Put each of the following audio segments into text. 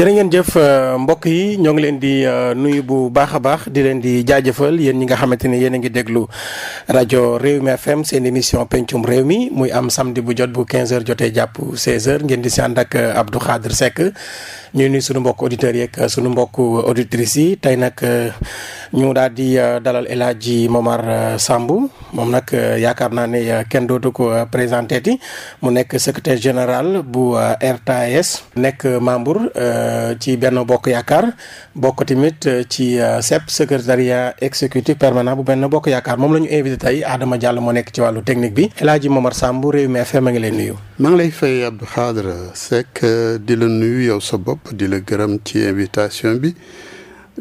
jërë ngeen jëf euh, mbokk yi ñoo ngi leen di euh, nuyu bu baax a baax di leen di jaajëfal yéen ñi nga xamante ni yéen a ngi déglu rajo réew mi FM seen émission pencum réew mi muy am samedi bu jot bu 15h jotee jàpp 16h ngeen di si ànd ak euh, Abdou Khadre Seck ñuy nuyu suñu mbokk auditeurs yeeg suñu mbokk auditrices yi tey nag. ñu daal di euh, dalal El Hadji Momar euh, Samb moom nag euh, yaakaar naa ne kenn dootu ko présenté mu nekk secrétaire général bu RTS nekk membre ci benn Bokk Yaakaar bokk tamit ci CEP e secrétariat exécutif permanent bu Benno Bokk Yaakaar moom la ñu invité tey Adama Diallo moo nekk ci wàllu technique bi El Hadji Momar Samb Rewmi mi a ngi lay nuyu. maa ngi lay fay Abdou Khadre Seck di la nuyu yow sa bopp di la gërëm ci invitation bi.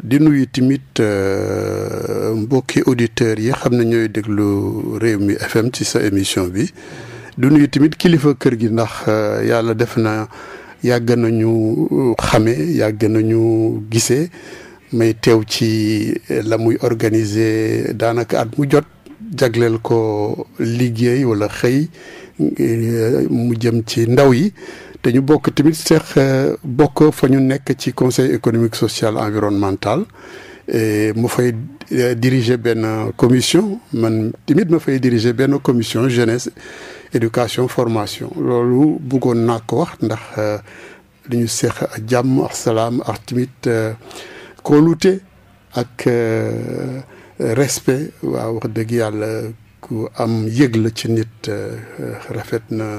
di nuyu tamit euh, mbokki auditeurs yi xam ne ñooy déglu Rewmi FM ci sa émission bi di nuyu tamit kilifa kër gi ndax euh, yàlla def na yàgg nañu euh, xame yàgg nañu gisee may teew ci la muy organiser daanaka at mu jot jagleel ko liggéey walla xëy mu jëm ci ndaw yi te ñu bokk tamit seex euh, bokk fa ñu nekk ci conseil économique sociale social e mu fay euh, diriger benn commission man tamit ma fay diriger benn commission jeunesse éducation formation loolu bëggoon naa ko wax ndax li euh, ñu seex ak jàmm ak salaam ak tamit kóolute ak respect waaw wax dëgg yàlla ku am yëg la ci nit rafet na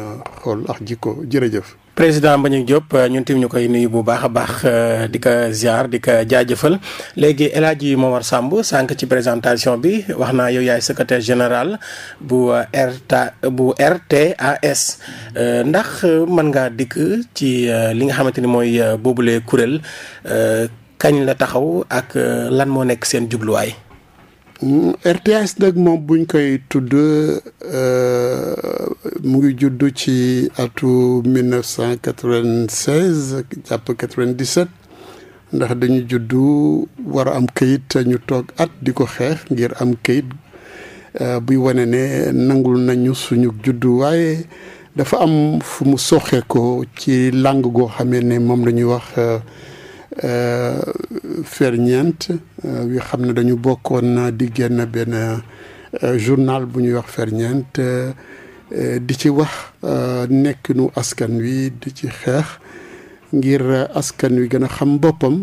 xool ak jikko jërëjëf président Mbagnick Diop euh, ñun tim ñu koy nuyu bu baax a baax euh, di ko ziar di ko jaajëfal léegi yi moo war sàmb sànq ci présentation bi wax naa yow yaay secretaire général bu euh, RTA bu RTAS ndax mën ngaa dikk ci li nga xamante ni mooy boobulee kuréel kañ la taxaw ak lan moo nekk seen jubluwaay. RTS nag moom buñ koy tudd euh, mu ngi juddu ci atu 1996 jàpp 97 ndax dañu juddu war a am kayit te ñu toog at di ko xeex ngir am kayit euh, buy wane ne nangul nañu suñu judd waaye dafa am fu mu soxee ko ci langue goo xamee ne moom la ñuy wax euh, Euh, ferñeent yu euh, xam ne dañu bokkoon na di génn benn euh, journal bu ñuy wax ferñeent di ci wax nekkinu askan wi di ci xeex ngir askan wi gën a xam boppam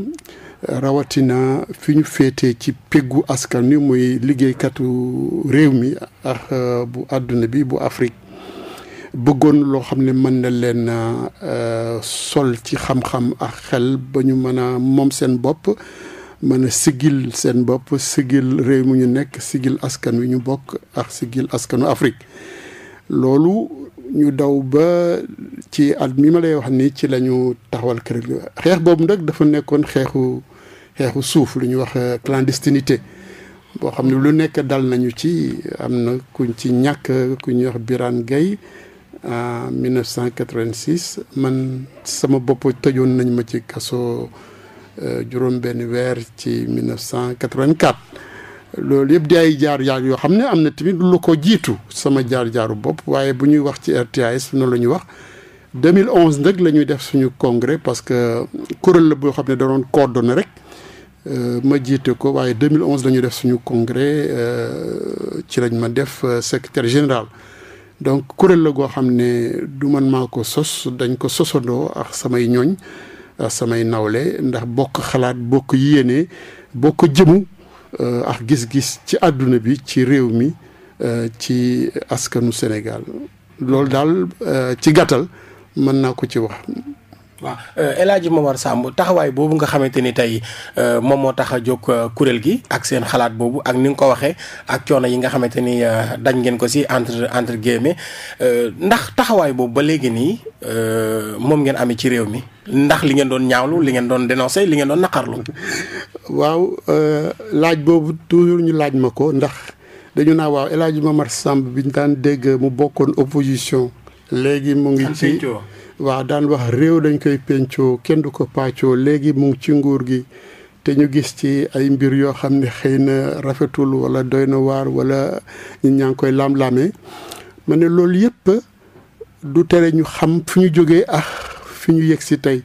rawatina fi ñu féete ci peggu askan wi muy liggéeykatu réew mi ak bu àdduna bi bu Afrique bëggoon loo xam ne mën na leen euh, sol ci xam-xam ak xel ba ñu mën a moom seen bopp mën a sigil seen bopp sigil réew mu ñu nekk sigil askan wi ñu bokk ak sigil askanu Afrique loolu ñu daw ba ci at mi ma lay wax ni ci la ñu taxawal kër gi xeex boobu nag dafa nekkoon xeexu xeexu suuf lu ñuy wax euh, clandestinité boo xam ne lu nekk dal nañu ci am na kuñ ci ñàkk ku ñuy wax Birane Gueye en 1986 man sama bopp tëjoon nañ ma ci kaso euh, juróom-benn weer ci 1984 loolu yëpp di ay jaar jaar yoo xam ne am na tamit lu ko jiitu sama jaar jaaru bopp waaye bu ñuy wax ci RTS noonu la ñuy wax deux 2011 nag la ñuy def suñu congrès parce que kuréel la boo xam ne danoon doon coordonné rek euh, ma jiite ko waaye 2011 la ñuy def suñu congrès euh, ci lañ ma def secretaire général. donc kuréel la goo xam ne du man maa ko sos dañ ko sosandoo ak samay ñooñ ak samay nawle ndax bokk xalaat bokk yéene bokk jëmu euh, ak gis-gis ci àdduna bi ci réew mi euh, ci askanu Sénégal loolu daal euh, ci gàttal mën naa ko ci wax waaw euh, El Hadj Momar Samb taxawaay boobu nga xamante ni tey euh, moom moo tax a jóg euh, kuréel gi ak seen xalaat boobu ak ni nga ko waxee ak coono yi nga xamante ni dañ ngeen ko si entre entre guillemets ndax taxawaay boobu ba léegi nii moom ngeen amee ci réew mi ndax li ngeen doon ñaawlu li ngeen doon dénoncé li ngeen doon naqarlu. waaw laaj boobu toujours ñu laaj ma ko ndax dañu naa waaw El Hadj Momar Samb ñu daan dégg mu bokkoon opposition. léegi mu ngi ci waaw daan wax réew dañ koy pencoo kenn du ko pàccoo léegi mu ci nguur gi te ñu gis ci ay mbir yoo xam ne xëy na rafetul wala doy na waar wala ñi ñaa ngi koy lam-lamee ma ne loolu yëpp du tere ñu xam fi ñu jógee ah fi ñu yegg si tey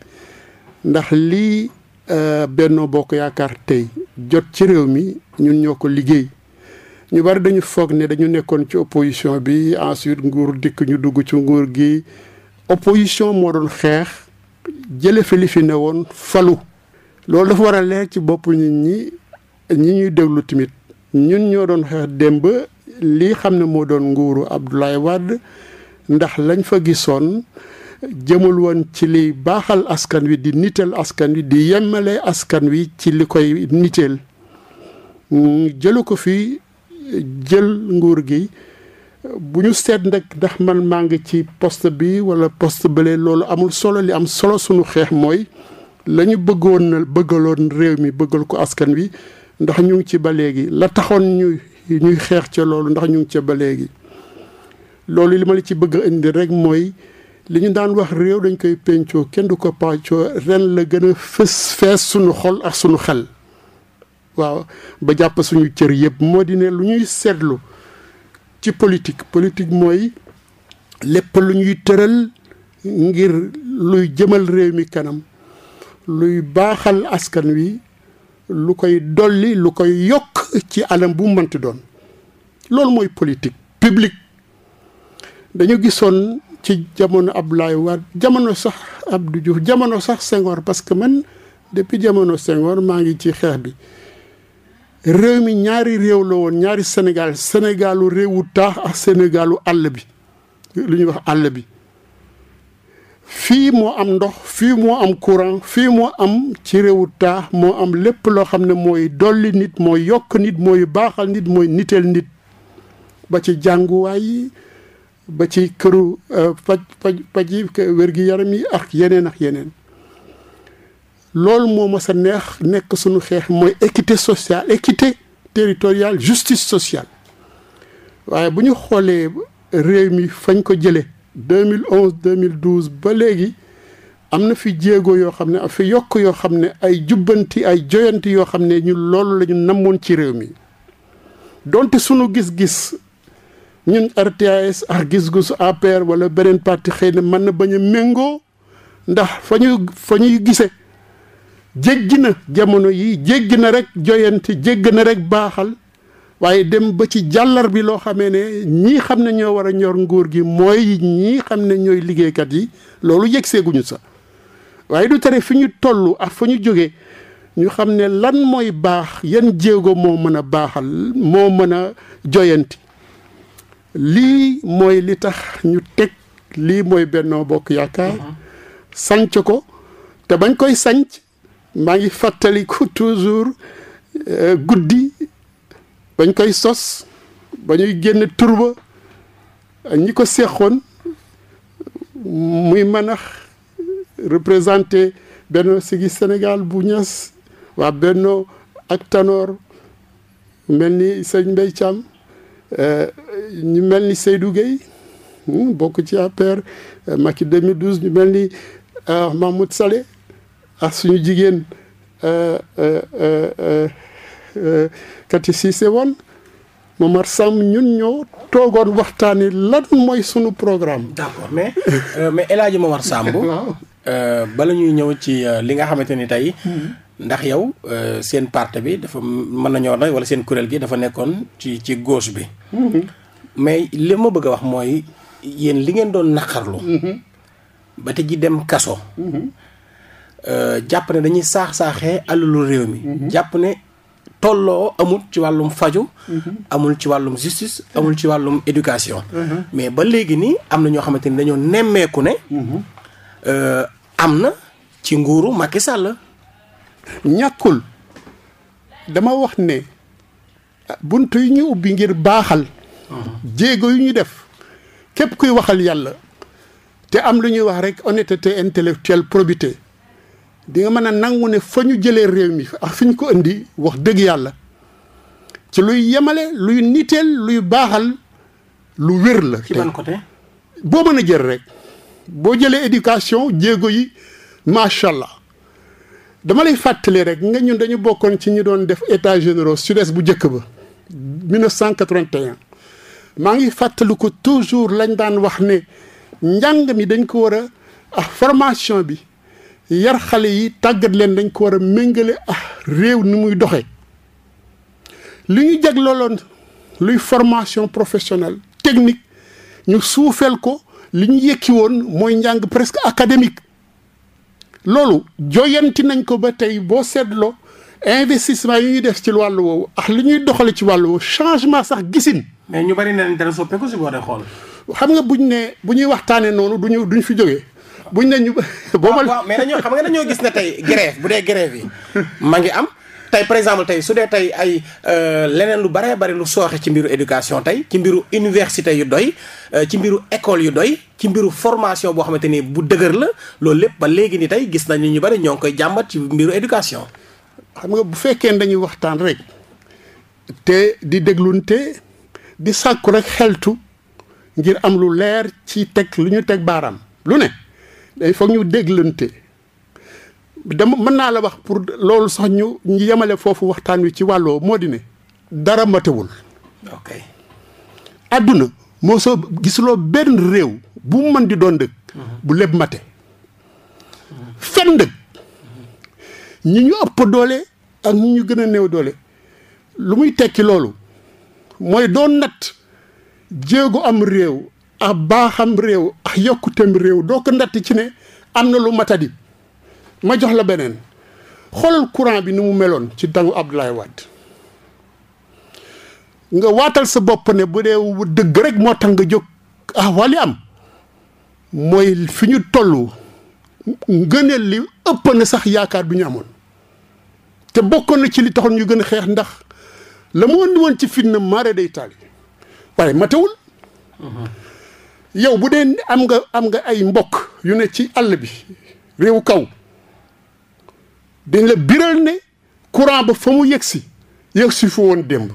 ndax lii euh, Benno Bokk Yaakaar tey jot ci réew mi ñun ñoo ko liggéey ñu bari dañu foog ne dañu nekkoon ci opposition bi ensuite nguur dikk ñu dugg ci nguur gi opposition moo doon xeex jële fi li fi ne woon falu loolu dafa war a leer ci bopp ñu ñi ñi ñuy déglu tamit ñun ñoo doon xeex démb lii xam ne moo doon nguuru Abdoulaye Wade ndax lañ fa gisoon jëmul woon ci liy baaxal askan wi di nitel askan wi di yemmale askan wi ci li koy niteel jëlu ko fi jël nguur gi bu ñu seet nag ndax man maa ngi ci poste bi wala poste bële loolu amul solo li am solo sunu xeex mooy lañu ñu bëggoon na bëggaloon réew mi bëggal ko askan wi ndax ñu ngi ci ba léegi la taxoon ñu ñuy xeex ca loolu ndax ñu ngi ca ba léegi. loolu li ma la ci bëgg a indi rek mooy li ñu daan wax réew dañ koy pencoo kenn du ko pencoo ren la gën a fës fees sunu xol ak sunu xel waaw ba jàpp suñu cër yëpp moo di lu ñuy seetlu. ci politique politique mooy lépp lu ñuy tëral ngir luy jëmal réew mi kanam luy baaxal askan wi lu koy dolli lu koy yokk ci anam bu mu mënti doon loolu mooy politique publique dañu gisoon ci jamono ab Abdoulaye Wade jamono sax Abdou Diouf jamono sax Senghor parce que man depuis jamono Senghor maa ngi ci xeex bi réew mi ñaari réew la woon ñaari Sénégal Sénégalu réewu taax ak Sénégalu àll bi lu ñuy wax àll bi fii moo am ndox fii moo am courant fii moo am ci réewu taax moo am lépp loo xam ne mooy dolli nit mooy yokk nit mooy baaxal nit mooy niteel nit ba ci jànguwaay yi ba ci këru euh, faj faj faj wér-gi-yaram yi ak yeneen ak yeneen loolu moo mas a neex nekk suñu xeex mooy équité sociale équité territoriale justice sociale waaye bu ñu xoolee réew mi fañ ko jëlee 2011 2012 ba léegi am na fi jéego yoo xam ne am fi yokk yoo xam ne ay jubbanti ay joyanti yoo xam ne ñun loolu lañu ñu namoon ci réew mi donte sunu gis-gis ñun RTS ak gis-gisu APR wala beneen parti xëy ne mën na bañ a méngoo ndax fa ñuy fa ñuy gisee jéggi na jamono yi jéggi na rekk joyante jéggi na rekk baaxal waaye dem ba ci jàllar bi loo xamee ne ñii xam ne ñoo war a ñor nguur gi mooy ñii xam ne ñooy liggéeykat yi loolu yëg seeguñu sax waaye du tere fi ñu toll ak fa ñu jóge ñu xam ne lan mooy baax yan jéego moo mën a baaxal moo mën a joyanti lii mooy li tax ñu teg lii mooy Benno Bokk Yaakaar uh-huh. sanc ko te bañ koy sanc maa ngi fàttaliku toujours euh, guddi bañ koy sos ba ñuy génn turba ñi ko seexoon muy mën représenté Benno Siggil Sénégal bu Ñas waa Benno ak Tanor mel ni sëñ Mbaye Thiam euh, ñu mel ni Seydou hmm, bokk ci APR euh, Macky 2012 ñu mel ni Mahmoud Saleh ak suñu jigéen euh, euh, euh, Kati Cissé woon Momar Samb ñun ñoo toogoon waxtaani lan mooy sunu programme. d'accord mais mais El Hadj Momar Samb. bala ñuy ñëw ci li nga xamante ni tey. Hmm. ndax yow seen parte bi dafa mën nañoo doy wala seen kuréel gi dafa nekkoon ci ci gauche bi. Hmm. mais li ma bëgg a wax mooy yéen li ngeen doon naqarlu. Hmm. ba te ji dem kaso. Euh, jàpp ne dañuy saax-saaxee alalu réew mi mhm. jàpp ne tolloo amul ci wàllum faju mhm. amul ci wàllum justice mhm. amul ci wàllum éducation mais ba léegi nii am na ñoo xamante ni dañoo nemmeeku ne euh, am na ci nguuru Macky Sall ñàkkul dama wax ne ah, bunt yu ñu ubbi ngir baaxal jéego yu ñu def képp kuy waxal yàlla te am lu ñuy wax rek honnêteté intellectuelle probité dinga mën a nangu ne fa ñu jëlee réew mi ak fi ñu ko indi wax dëgg yàlla ci luy yemale luy niteel luy baaxal lu wér la. côté. boo mën a jël rek boo jëlee éducation jéego yi macha allah dama lay fàttali rek nga ñun dañu bokkoon ci ñu doon def état généro sud bu njëkk ba. 1981 maa ngi fàttaliku toujours lañ daan wax ne njàng mi dañ ko war a ah bi. yar xale yi tàggat leen dañ ko war a méngale ah réew ni muy doxe li ñu jag looloon luy formation professionnelle technique ñu suufeel ko li ñu yëkki woon mooy njàng presque académique loolu joyanti nañ ko ba tey boo seetloo investissement yi ñu def ci wàllu woowu ah li ñuy doxale ci wàllu woowu changement sax gisin. mais ñu bari ne dana soppeeku si boo dee xool. xam nga buñ ne bu ñuy waxtaanee noonu duñu duñ fi jóge bu ñu ne ñu. boo ma ah, waaw mais dañoo xam nga dañoo gis ne tey grève bu dee grève yi ma ngi am. tey par exemple tey su dee tey ay euh, leneen lu baree bari lu sooxee ci mbiru éducation tey ci mbiru université doy euh, ci mbiru école yu doy ci mbiru formation boo xamante ni bu dëgër la loolu lépp ba léegi ni tey gis nañu ñu bari ñoo ngi koy jàmbat ci mbiru éducation. xam nga bu fekkee dañuy waxtaan rek te di déglunte di sàkku rek xeltu ngir am lu leer ci teg lu ñu teg baaraam lu ne. day foog ñu déglante dama mën naa la wax pour loolu sax ñu ñu yemale foofu waxtaan wi ci wàlloo moo di ne dara matewul ok àdduna moo soo gisuloo benn réew bu mu mën di doon dëkk mhm. bu lépp mate fen dëkk ñi ñu ëpp doole ak ñi ñu gën a néew doole lu muy tekki loolu mooy doon natt jéego am réew ah baaxam réew ah yokkuteem réew doo ko ndatt ci ne am na lu matadi ma jox la beneen xoolal courant bi ni mu meloon ci dangu Abdoulaye Wade nga waatal sa bopp ne bu dee dëgg rek moo tax nga jóg ah wali am mooy fi ñu toll ngëneel li ëpp na sax yaakaar bi ñu amoon te bokkoon na ci li taxoon ñu gën a xeex ndax la mu andi woon ci fitna mare day taal waaye matewul mhm. yow bu dee am nga am nga ay mbokk yu ne ci àll bi réew kaw dañ la biral ne courant ba fa mu yëg si yëg si fa woon démb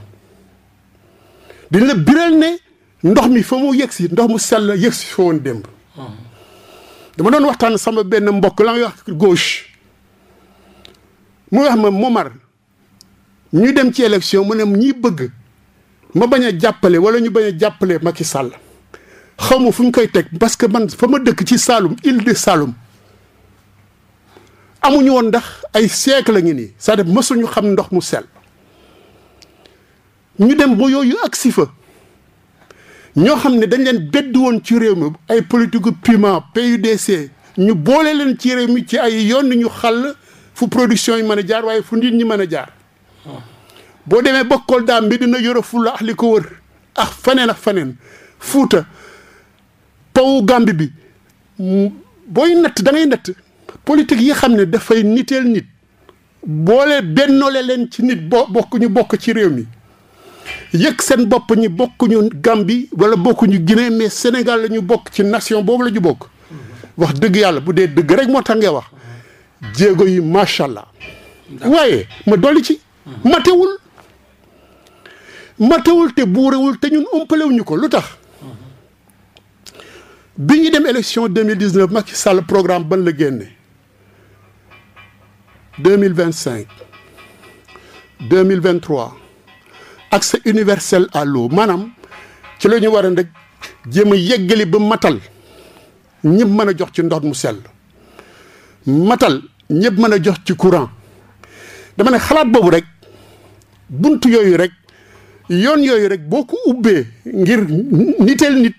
dañ la biral ne ndox mi fa mu yëg si ndox mu sell yëg si fa woon démb dama doon waxtaan sama benn mbokk la nga wax gauche mu wax ma Momar ñu dem ci élection mu ne ñi bëgg ma bañ a jàppale wala ñu bañ a jàppale Macky sàll xaw ma fu ñu koy teg parce que man fa ma dëkk ci saalum île de Saloum amuñu woon ndax ay siècle la ngi nii c'est-à-dire mësuñu xam ndox mu sel ñu dem ba yooyu agsi fa ñoo xam ne dañ leen bedd woon ci réew mi ay politique piment PUDC ñu boole leen ci réew mi ci ay yoon ñu xàll fu production yi mën a jaar waaye fu nit ñi mën a jaar boo demee ba daa mbi dina yore fu la li ko wër ak faneen ak faneen Fuuta powu Gàmbi bi mm, booy natt da ngay natt politique yi xam ne dafay niteel nit boole bennoole leen ci nit boo bokk ñu bokk ci réew mi yëg seen bopp ñi bokkuñu Gàmbi wala bokkuñu Guinée mais Sénégal la ñu bokk ci nation boobu la ñu bokk wax dëgg yàlla bu dee dëgg rek moo tax ngay wax jéego yi macha allah. waaye ma dolli ci. Hmm. matewul matewul te buurewul te ñun umpalewuñu ko lu tax. bi ñu dem élection ma Macky Sall programme ban la génne 2025 2023 accès universel à l'eau maanaam ci la ñu war a rek jéem a yeggali ba matal ñëpp mën a jox ci ndox mu sell matal ñëpp mën a jox ci courant dama ne xalaat boobu rek bunt yooyu rek yoon yooyu rek boo ko ubbee ngir niteel nit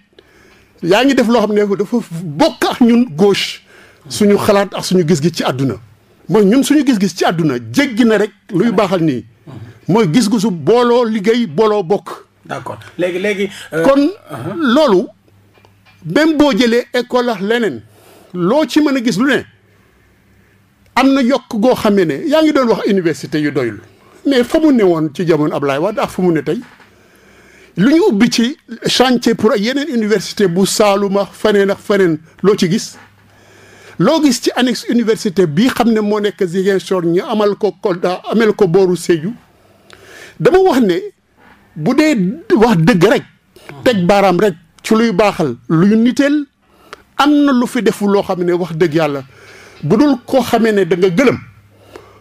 yaa ngi def loo xam ne dafa bokk ak ñun gauche suñu xalaat ak suñu gis-gis ci àdduna mooy ñun suñu gis-gis ci àdduna jéggi na rek luy baaxal nii mooy gis-gisu booloo liggéey booloo bokk. d'accord léegi léegi. Euh, kon uh-huh. loolu même boo jëlee école ak leneen loo ci mën a gis lu ne am na yokk goo xamee ne yaa ngi doon wax université yu doyul mais fa ne woon ci jamono Ablaye Wade ak fa mu ne tey. lu ñu ubbi ci chantier pour ay yeneen université bu saaluma ak faneen ak loo ci gis loo gis ci annex université bii xam ne moo nekk Ziguinchor ñu amal ko Kolda ameel ko booru Sédhiou dama wax ne bu dee wax dëgg rek teg baaraam rek ci luy baaxal lu ñu niteel am na lu fi defu loo xam ne wax dëgg yàlla bu dul koo xamee ne danga nga gëlëm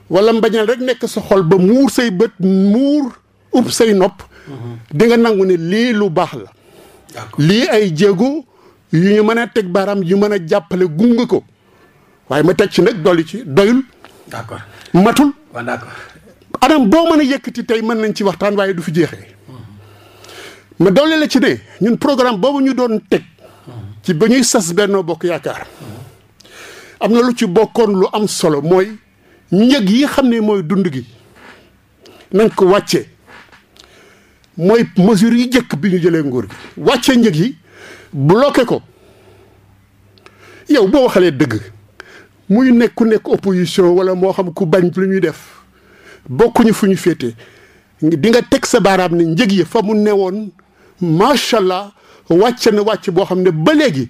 wala mbañal rek nekk sa xol ba muur say bët muur ub say nopp di nga nangu ne lii lu baax la lii ay jéego yu ñu mën a teg baaraam yu mën a jàppale gunge ko waaye ma teg ci nag dolli ci doyul d'accord matul waaw anam boo mën a yëkkati tey mën nañ ci waxtaan waaye du fi jeexee mhm. ma dolli la ci ne ñun programme boobu ñu doon teg ci ba ñuy sas Benno Bokk Yaakaar mhm. am na lu ci bokkoon lu am solo mooy njëg yi xam ne mooy dund gi nañ ko wàcce mooy mesure yi jëkk bi ñu jëlee nguur gi wàcce njëg yi bloqué ko yow boo waxalee dëgg muy nekk ku nekk opposition wala moo xam ku bañ lu ñuy def bokkuñu fu ñu féete di nga teg sa baaraam ne njëg yi fa mu newoon macha allah wàcce na wàcc boo xam ne ba léegi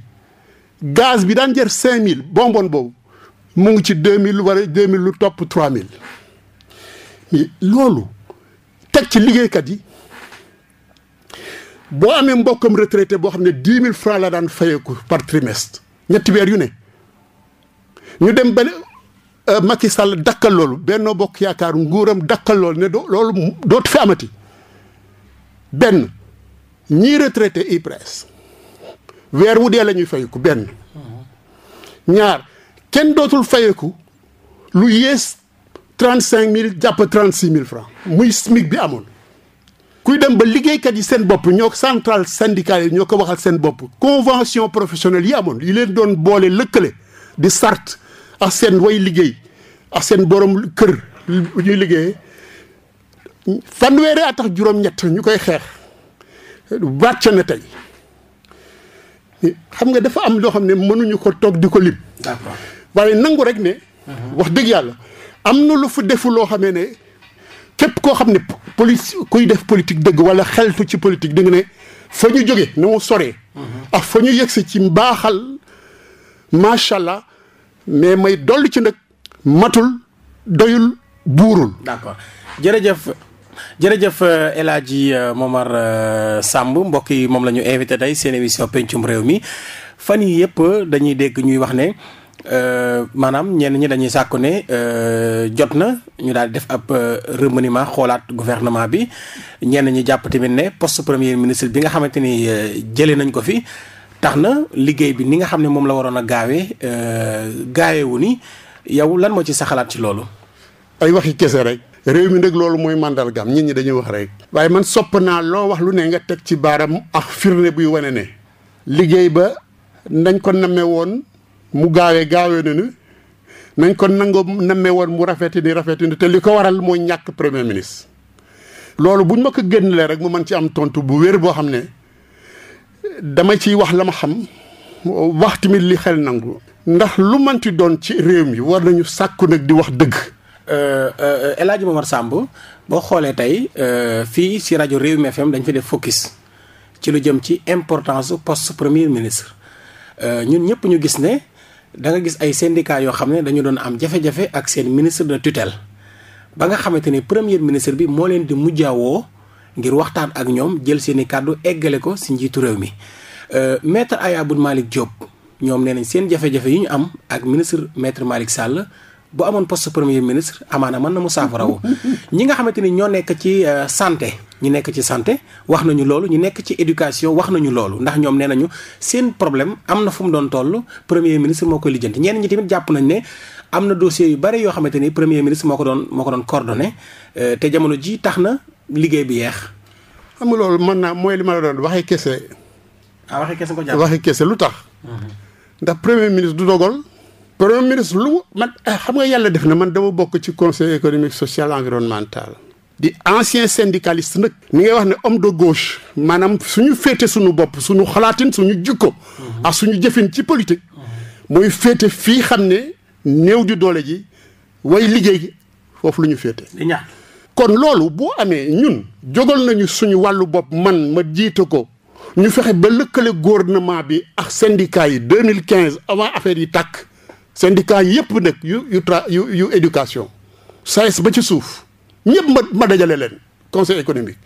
gaz bi daan jar cinq mille bonbon boobu mu ngi ci deux mille wala deux mille lu topp trois mille mais loolu teg ci liggéeykat yi boo amee mbokkam retraité boo xam ne dix mille francs la daan fayeeku par trimestre ñetti weer yu ne ñu dem ba euh, Macky Sall dakkal loolu Benno Bokk Yaakaar nguuram dakkal loolu ne loolu dootu fi amati benn ñii retraité IPRES weer wu dee lañuy ñuy benn ñaar kenn dootul fayeeku lu yées trente cinq mille jàpp trente six mille francs muy SMIC bi amoon kuy dem ba liggéeykat yi seen bopp ñoo central syndical yi ñoo ko waxal seen bopp convention professionnelle yi amoon yi leen doon boole lëkkale di sart ak seen woy liggéey ak seen borom kër ñuy liggéeyee fanweeri attax ak juróom-ñett ñu koy xeex wàcc na tey xam nga dafa am loo xam ne mënuñu ko toog di ko lim. d'accord waaye nangu rek ne. Mhm. wax dëgg yàlla am na lu fu defu loo xamee ne. képp koo xam ne police kuy def politique dëgg wala xeltu ci politique da nga ne fa ñu jóge na mu soree ak fa ñu yegsi ci mbaaxal macha allah mais may dolli ci nag matul doyul buurul d'accord jërëjëf jërëjëf euh, El Hadji euh, Momar euh, Samb mbokk yi moom la ñu invité tey seen émission pencum réew mi fan yi yëpp dañuy dégg ñuy wax ne Euh, maanaam ñeen ñi dañuy sàkku ne euh, jot na ñu daal di def ab euh, remaniement xoolaat gouvernement bi ñeen ñi jàpp tamit ne poste premier ministre bi nga xamante ni jëlee nañ ko fi tax na liggéey bi ni nga xam ne moom la waroon a gaawee gaaweewu ni yow lan moo ci sa xalaat ci loolu. ay waxi kese rek. réew mi nag loolu mooy màndargaam nit ñi dañuy wax rek. waaye man sopp naa loo wax lu ne nga teg ci baaram ak firnde buy wane ne. liggéey ba nañ ko namewoon mu gaawee gaawee na ni nañ ko nangoo nammee woon mu rafeti ni rafeti ni te li ko waral mooy ñàkk premier ministre loolu buñ ma ko génnelee rek mu mën ci am tontu bu wér boo xam ne dama ci wax la ma xam wax tamit li xel nangu ndax lu manti doon ci réew mi war nañu sàkku nag di wax dëgg euh, euh, El Hadji Momar Samb boo xoolee tey euh, fii si rajo réew mi FM dañ fi def focus ci lu jëm ci importance poste premier ministre ñun ñëpp ñu gis ne da nga gis ay syndicats yoo xam ne dañu doon am jafe-jafe ak seen ministre de tutelle ba nga xamante ni premier ministre bi moo leen di mujjaawoo ngir waxtaan ak ñoom jël seen i kàddu eggale ko si njiitu réew mi. Euh, maître Aya Boun Malick Diop ñoom nee nañ seen jafe-jafe yu ñu am ak ministre maître Malick Sall. bu amoon poste premier ministre amaana mën na mu saafarawu ñi nga xamante ni ñoo nekk ci euh, santé ñu nekk ci santé wax nañu loolu ñu nekk ci éducation wax nañu loolu ndax ñoom nee nañu seen problème am na fu mu doon toll premier ministre moo ko lijjanti ñenn ñi tamit jàpp nañ ne am na dossier yu bari yoo xamante ni premier ministre moo ko doon moo ko doon coordonné euh, te jamono ji tax na liggéey bi yeex xam nga loolu mën naa mooy li ma la doon waxee kese. ah waxee kese ko jàpp waxee kese lu tax. Mhm. ndax premier premier ministre lu man ah, xam nga yàlla def na man dama bokk ci conseil économique social environnemental di ancien syndicaliste nag ni ngay wax ne homme de gauche maanaam suñu féete suñu bopp suñu xalaatin suñu jikko ak suñu jëfin ci politique mooy féete fii xam ne néew di doole ji way liggéey foofu lu ñu féete kon loolu boo amee ñun jógal nañu suñu wàllu bopp man ma jiite ko ñu fexe ba lëkkale gouvernement bi ak syndicat yi 2015 avant affaire yi tàkk syndicat yëpp nag yu yu tra yu yu éducation SAES ba ci suuf ñëpp ma ma dajale leen conseil économique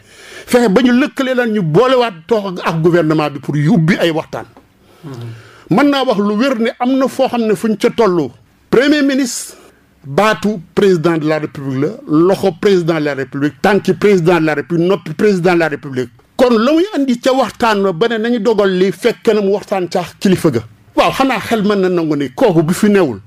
fexe ba ñu lëkkale leen ñu boolewaat toog ak gouvernement bi pour yubbi ay waxtaan. Mm-hmm. mën naa wax lu wér ni am na foo xam ne fuñ ca tollu. premier ministre. baatu président de la république la loxo président de la république tànki président de la république noppi président de la république. kon la muy andi ca waxtaan ba ne nañu dogal li fekk na mu waxtaan caax kilifa ga. waaw xanaa xel mën na nangu ni kooku bu fi newul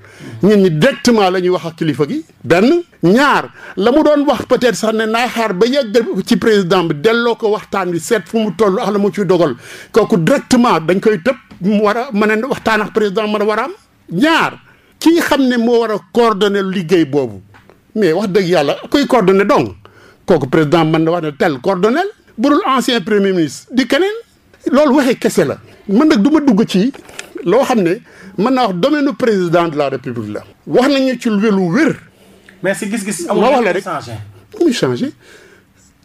ñun ñi directement la ñuy wax ak kilifa gi benn ñaar la mu doon wax peut-être sax ne naa xaar ba yegg ci président bi delloo ko waxtaan bi seet fu mu toll ak la mu ciy dogal kooku directement dañ koy tëb mu war a mën a waxtaan ak président mën a war a am ñaar ki xam ne moo war a coordonner liggéey boobu mais wax dëgg yàlla kuy coordonner donc kooku président mën na wax ne tel coordonner budul ancien premier ministre di keneen loolu waxee kese la man nag du ma dugg ci loo xam ne mën naa wax domaine président de la république la. wax nañu ci lu wér. mais si gis-gis. amul changé rek muy changé.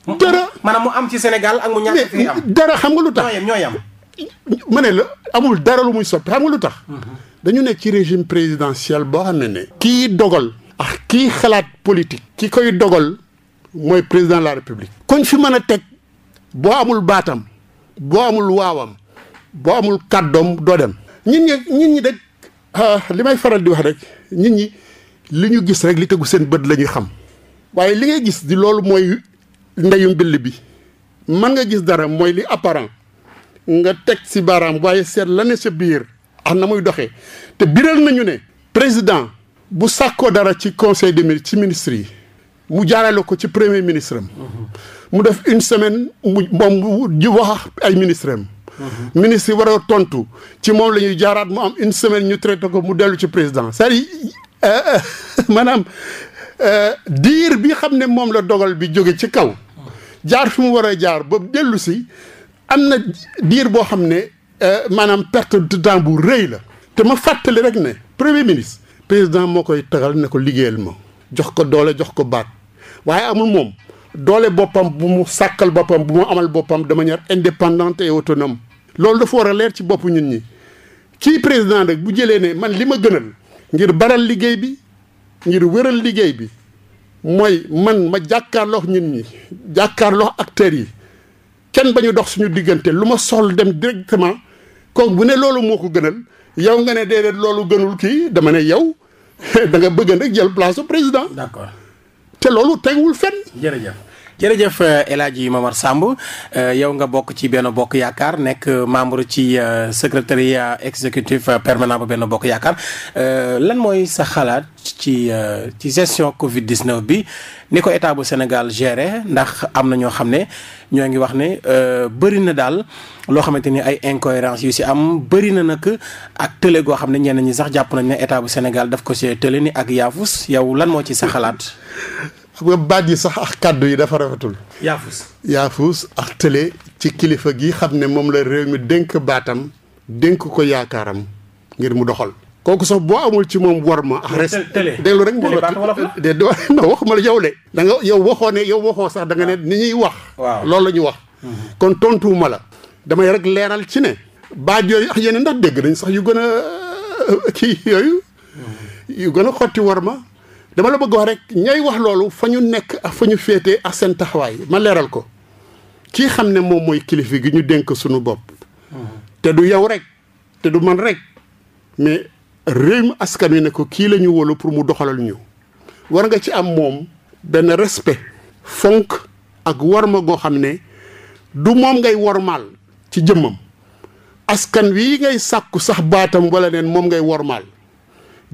dara maanaam mu am ci Sénégal ak mu ñàkk am dara xam nga lu tax ñoo yam ma ne la amul dara lu muy soppi xam nga lu tax. Mhm. dañu nekk ci régime présidentiel boo xam ne ne. kii dogal. ak kii xalaat politique. ki koy dogal mooy président de la république. koñ fi mën a teg boo amul baatam. boo amul waawam. boo amul kàddoom doo dem. ñit ñi ñit ñi dëgg ah, li may faral di wax rek ñit ñi li ñu gis rek li tegu seen bët la ñuy xam waaye li ngay gis di loolu mooy ndeyu mbill bi man nga gis dara mooy li apparent nga teg si baaraam waaye seet la ne sa biir ak na muy doxee te biral nañu ne président bu sàkkoo dara ci conseil de ministres ci ministres yi mu jaarale ko ci premier ministre am mhm. mu def une semaine mu moom ji wax ay ministre am Mm-hmm. ministre yi war a tontu ci moom la ñuy jaaraat mu am une semaine ñu traité ko mu dellu ci président c'est-à-dire euh, maanaam euh, diir bi xam ne moom la dogal bi jóge ci kaw jaar fi mu war a jaar ba dellu si am na diir boo xam ne euh, maanaam perte de temps bu rëy la te ma fàttali rek ne premier ministre président moo koy tagal ne ko liggéeyal ma jox ko doole jox ko baat waaye amul moom doole boppam bu mu sàkkal boppam bu mu amal boppam de manière indépendante et autonome loolu dafa war a leer ci bopp ñun ñi kii président nag bu jëlee ne man li ma gënal ngir baral liggéey bi ngir wéral liggéey bi mooy man ma jàkkaarloo ñun ñi jàkkaarloo acteurs yi kenn ba ñu dox suñu diggante lu ma sol dem directement kook bu ne loolu moo ko gënal yow nga ne déedéet loolu gënul kii dama ne yow da nga bëgg nag jël place au président. d'accord te loolu teguwul fenn. jërëjëf. jërëjëf eh, El Hadji Momar Samb eh, yow nga bokk ci benn bokk yaakaar nekk eh, membre ci secrétariat exécutif permanent bu benn bokk yaakaar lan mooy sa xalaat ci ci gestion Covid 19 bi ni ko état bu Sénégal géré ndax am na ñoo xam ne ñoo ngi wax ne bëri na daal loo xamante ni ay incohérence yu si am bëri na nag ak tële goo xam ne ñenn ñi sax jàpp nañ ne état bu Sénégal daf ko see tële ni ak yaafus yow lan moo ci sa xalaat. xam nga baat yi sax ak kàddu yi dafa rafetul. yaafus yaafus ak tële ci kilifa gi xam ne moom la réew mi dénk baatam dénk ko yaakaaram ngir mu doxal. kooku sax boo amul ci moom war ma. ak res déglu rek moo de do waxuma la yow de. da nga yow waxoo ne yow waxoo sax da nga ne ni ñuy wax. waaw loolu la ñu wax. Mhm. kon tontuwuma la. damay rek leeral ci ne. baat yooyu ak yeneen ndax dégg nañ sax yu gën a kii yooyu. Mhm. yu gën a xotti war ma. dama la bëgg wax rek ñay wax loolu fa ñu nekk ak fa ñu féetee ak seen taxawaay ma leeral ko kii xam ne moom mooy kilifa gi ñu dénk suñu bopp. te du yow rek te du man rek mais réewum askan wi ne ko kii la ñu wóolu pour mu doxalal ñu. war nga ci am moom benn respect. fonk ak warma goo xam ne du moom ngay war wormaal ci jëmmam askan wi ngay sàkku sax baatam wala neen moom ngay war wormaal.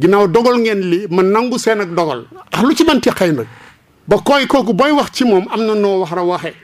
ginnaaw dogal ngeen lii ma nangu seen ak dogal ah lu ci manti xëy nag ba koy kooku booy wax ci moom am na noo wax a waxee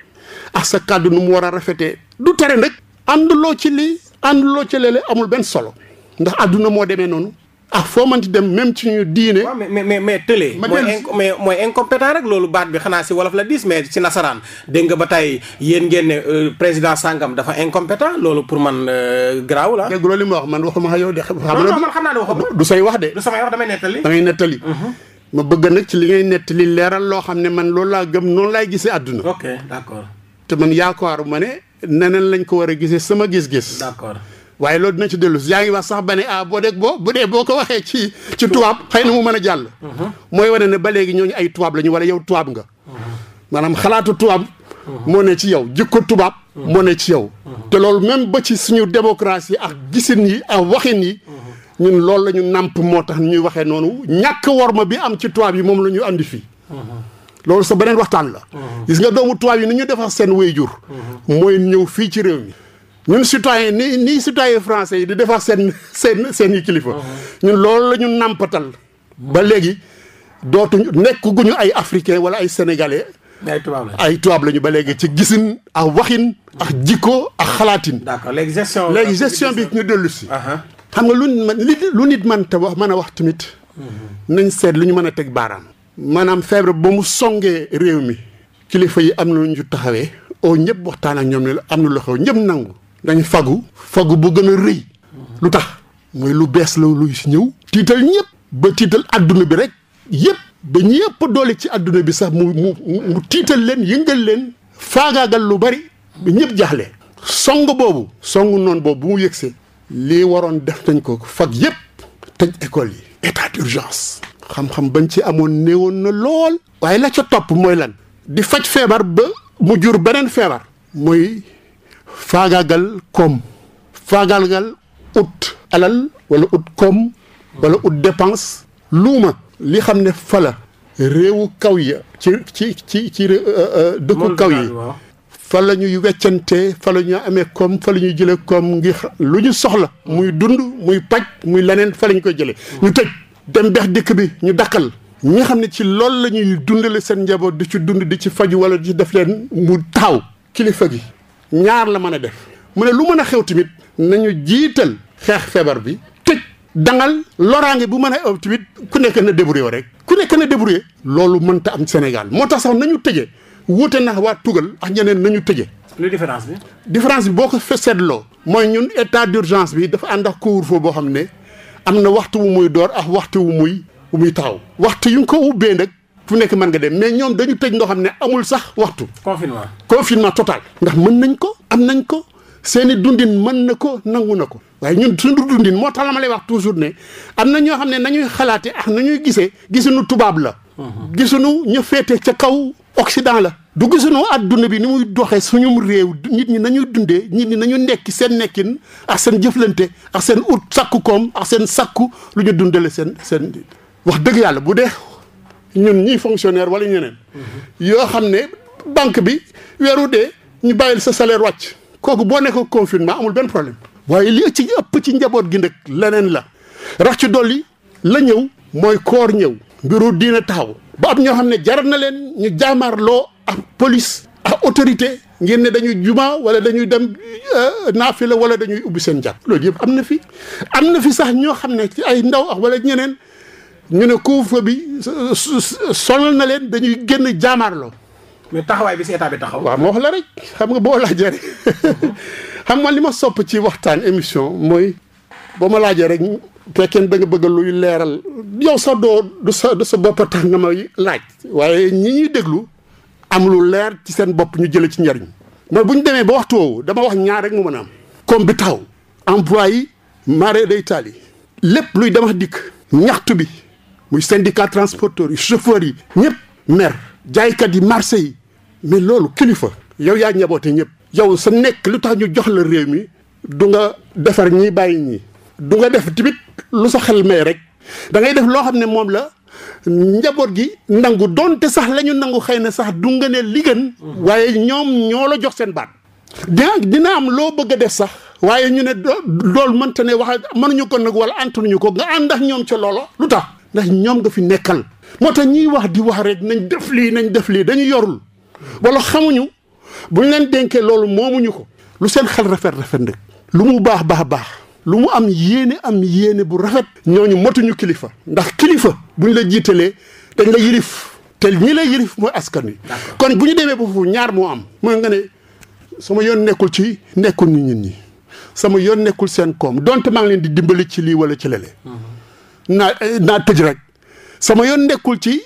ah sa kàddu nu mu war a rafetee du tere nag ànduloo ci lii ànduloo ci léeg amul benn solo ndax àdduna moo demee noonu ah foo mënti dem même ci ñu diine. waaw mais mais mais tële. ma mooy mooy incompétent loolu baat bi xanaa si wolof la diis mais nasaraan dégg nga ba tey yéen ngeen ne euh, président sangam dafa incompétent loolu pour man euh, garaaw la. Ah. dégg li mu wax man waxuma yow de. xam man xam naa ne waxuma du say wax de. du samay wax damay nettali. damay nettali. Mhm. ma bëgg nag ci li ngay nettali leeral loo xam ne man loolu laa gëm noonu laay gisee àdduna. ok d'accord. te man yaakaaru ma ne neneen lañ ko war a gisee sama gis-gis. d'accord. waaye loolu dina ci dellu si yaa ngi wax sax ba ah boo dee boo bu dee boo ko waxee ci ci tubaab xëy na mu mën a jàll mhm. mooy wane ne ba léegi ñooñu ay tubaab lañu wala yow tubaab nga mhm. maanaam xalaatu tubaab mhm. moo ne ci yow jikko tubaab moo ne ci yow te loolu même ba ci suñu démocratie ak gisin yi ak waxin yi ñun loolu la ñu moo tax ñuy waxee noonu ñàkk worma bi am ci tubaab yi moom la ñu andi fii loolu sa beneen waxtaan la gis nga doomu tubaab yi ni ñu defar seen wéyjur mooy ñëw fii ci réew mi ñun citoyen ni ni citoyen français yi di defar seen seen seen i kilifa. Uh-huh. ñun loolu la nàmpatal. ba léegi dootuñu nekk ay africain wala ay sénégalais. ay tubaab lañu ay ba léegi ci gisin ak waxin ak jikko ak xalaatin. léegi gestion léegi gestion bi ñu dellu si. Uh-huh. xam nga lu nit lu nit mën te wax mën a wax tamit. Uh-huh. nañ seet lu ñu mën a teg baaraam. maanaam feebar ba mu songee réew mi. kilifa yi am na lu ñu taxawee. oo ñëpp waxtaan ak ñoom ne am na lu xew ñëpp nangu. dañ fagu fagu bu gën a rëy lu tax mooy lu bees la luy ñëw tiital ñëpp ba tiital adduna bi rek yëpp ba ñëpp doole ci àdduna bi sax mu mu mu tiital leen yëngal leen faagaagal lu bari ba ñëpp jaxle song boobu song noon boobu bu mu yëgsee lii waroon def nañ ko fag yëpp tëj école yi état d'urgence xam-xam bañ ci amoon néewoon na lool waaye la ca topp mooy lan di faj feebar ba mu jur beneen feebar mooy faagaagal koom faagaagal ut alal wala ut koom wala ut dépense luuma li xam ne fala réewu kaw ya ci ci ci ci euh, euh, dëkku kaw yi fa la ñuy weccante fa la ñuy amee koom fa la ñuy jëlee koom ngir lu ñu soxla muy dund muy paj muy leneen fa la ñu koy jëlee ñu tëj dem bex dikk bi ñu dakkal ñi nga xam ne ci loolu la ñuy dundale seen njaboot di ci dund di ci faju wala di ci def leen mu taaw kilifa gi ñaar la mën a def mu ne lu mën a xew tamit nañu jiital xeex feebar bi tëj dangal loraange bu mën a ëpp tamit ku nekk na débrouillé rek ku nekk na débrouillé loolu mënta am Sénégal moo tax sax nañu tëje wuute na waa tugal ak ñeneen nañu tëje lu différence bi différence bi boo ko seetloo mooy ñun état d'urgence bi dafa ànd ak couvre-feu boo xam ne am na waxtu wu muy door ak waxtu muy muy taxaw waxtu yu ko ubbee nag fu nekk mën nga dem mais ñoom dañu tëj loo xam ne amul sax waxtu. confinement confinement total. ndax mën nañ ko am nañ ko seeni dundin mën na ko nangu na ko waaye ñun suñu dundin moo tax la ma lay wax toujours ne am na ñoo xam ne nañuy xalaate ak nañuy gisee gisuñu tubaab la. Mhm. gisuñu ñu féete ca kaw Occident la. du gisunoo adduna bi ni muy doxee suñu réew nit ñi nañuy dundee nit ñi nañu nekki seen nekkin ak seen jëflante ak seen ut sakku koom ak seen sakku lu ñu dundale seen seen wax dëgg yàlla bu dee ñun ñii fonctionnaire wala ñeneen. yoo xam ne banque bi weeru de ñu bàyyil sa salaire wàcc. kooku boo nekkoon confinement amul benn problème. waaye li ci ëpp ci njaboot gi nag leneen la rax ci dolli la ñëw mooy koor ñëw. mbiru diina taxaw. ba am ñoo xam ne jaral na leen ñu jaamaarloo ak police. ak autorité. ngir ne dañuy juma wala dañuy dem euh, naafila wala dañuy ubbi seen jàpp. loolu yëpp am na fi am na fi sax ñoo xam ne ci ay ndaw ak wala ñeneen. ñu ne couvre-feu bi sonal na leen dañuy génn jaamaarloo. mais taxawaay bi si état bi taxaw. waaw ma wax la rek xam nga boo laajee rek xam nga li ma sopp ci waxtaan émission mooy boo ma laajee rek fekkee da nga bëgg luy leeral yow sax doo du sa du sa bopp tax nga may laaj. waaye ñi ñuy déglu am lu leer ci seen bopp ñu jëlee ci njariñ man bu ñu demee ba waxtu woowu dama wax ñaar rek mu mën a am. comme bi taxaw. emploi yi marée day taal lépp luy dama dikk. ñaxtu bi. muy syndicat transporteur yi chauffeurs yi ñëpp mer jaaykat yi marché yi mais loolu kilifa yow yaa ñeboote ñëpp yow sa nekk lu tax ñu jox la réew mi du nga defar ñi bàyyi ñi du nga def tamit lu sa xel may rek da ngay def loo xam ne moom la njaboot gi nangu donte sax lañu nangu xëy na sax du nga ne li gën waaye ñoom ñoo la jox seen baat dina dina am loo bëgg a def sax waaye ñu ne loolu mënta ne wax mënuñu ko nag wala antunuñu ko nga ànd ak ñoom ca loola lu tax ndax ñoom nga fi nekkal moo tax ñiy wax di wax rek nañ def lii nañ def lii dañu yorul wala xamuñu buñ leen denkee loolu moomuñu ko lu seen xel rafet rafet nag lu mu baax baax baax lu mu am yéene am yéene bu rafet ñooñu matuñu kilifa ndax kilifa bu ñu la jiitalee dañ la yilif te ñii la yilif mooy askan wi kon bu ñu demee ba foofu ñaar moo am mooy nga ne sama yoon nekkul ci nekkul ñu ñun ñi sama yoon nekkul seen koom donte maa ngi leen di dimbali ci lii wala ci lële mhm. naa naa tëj rek sama yoon nekkul ci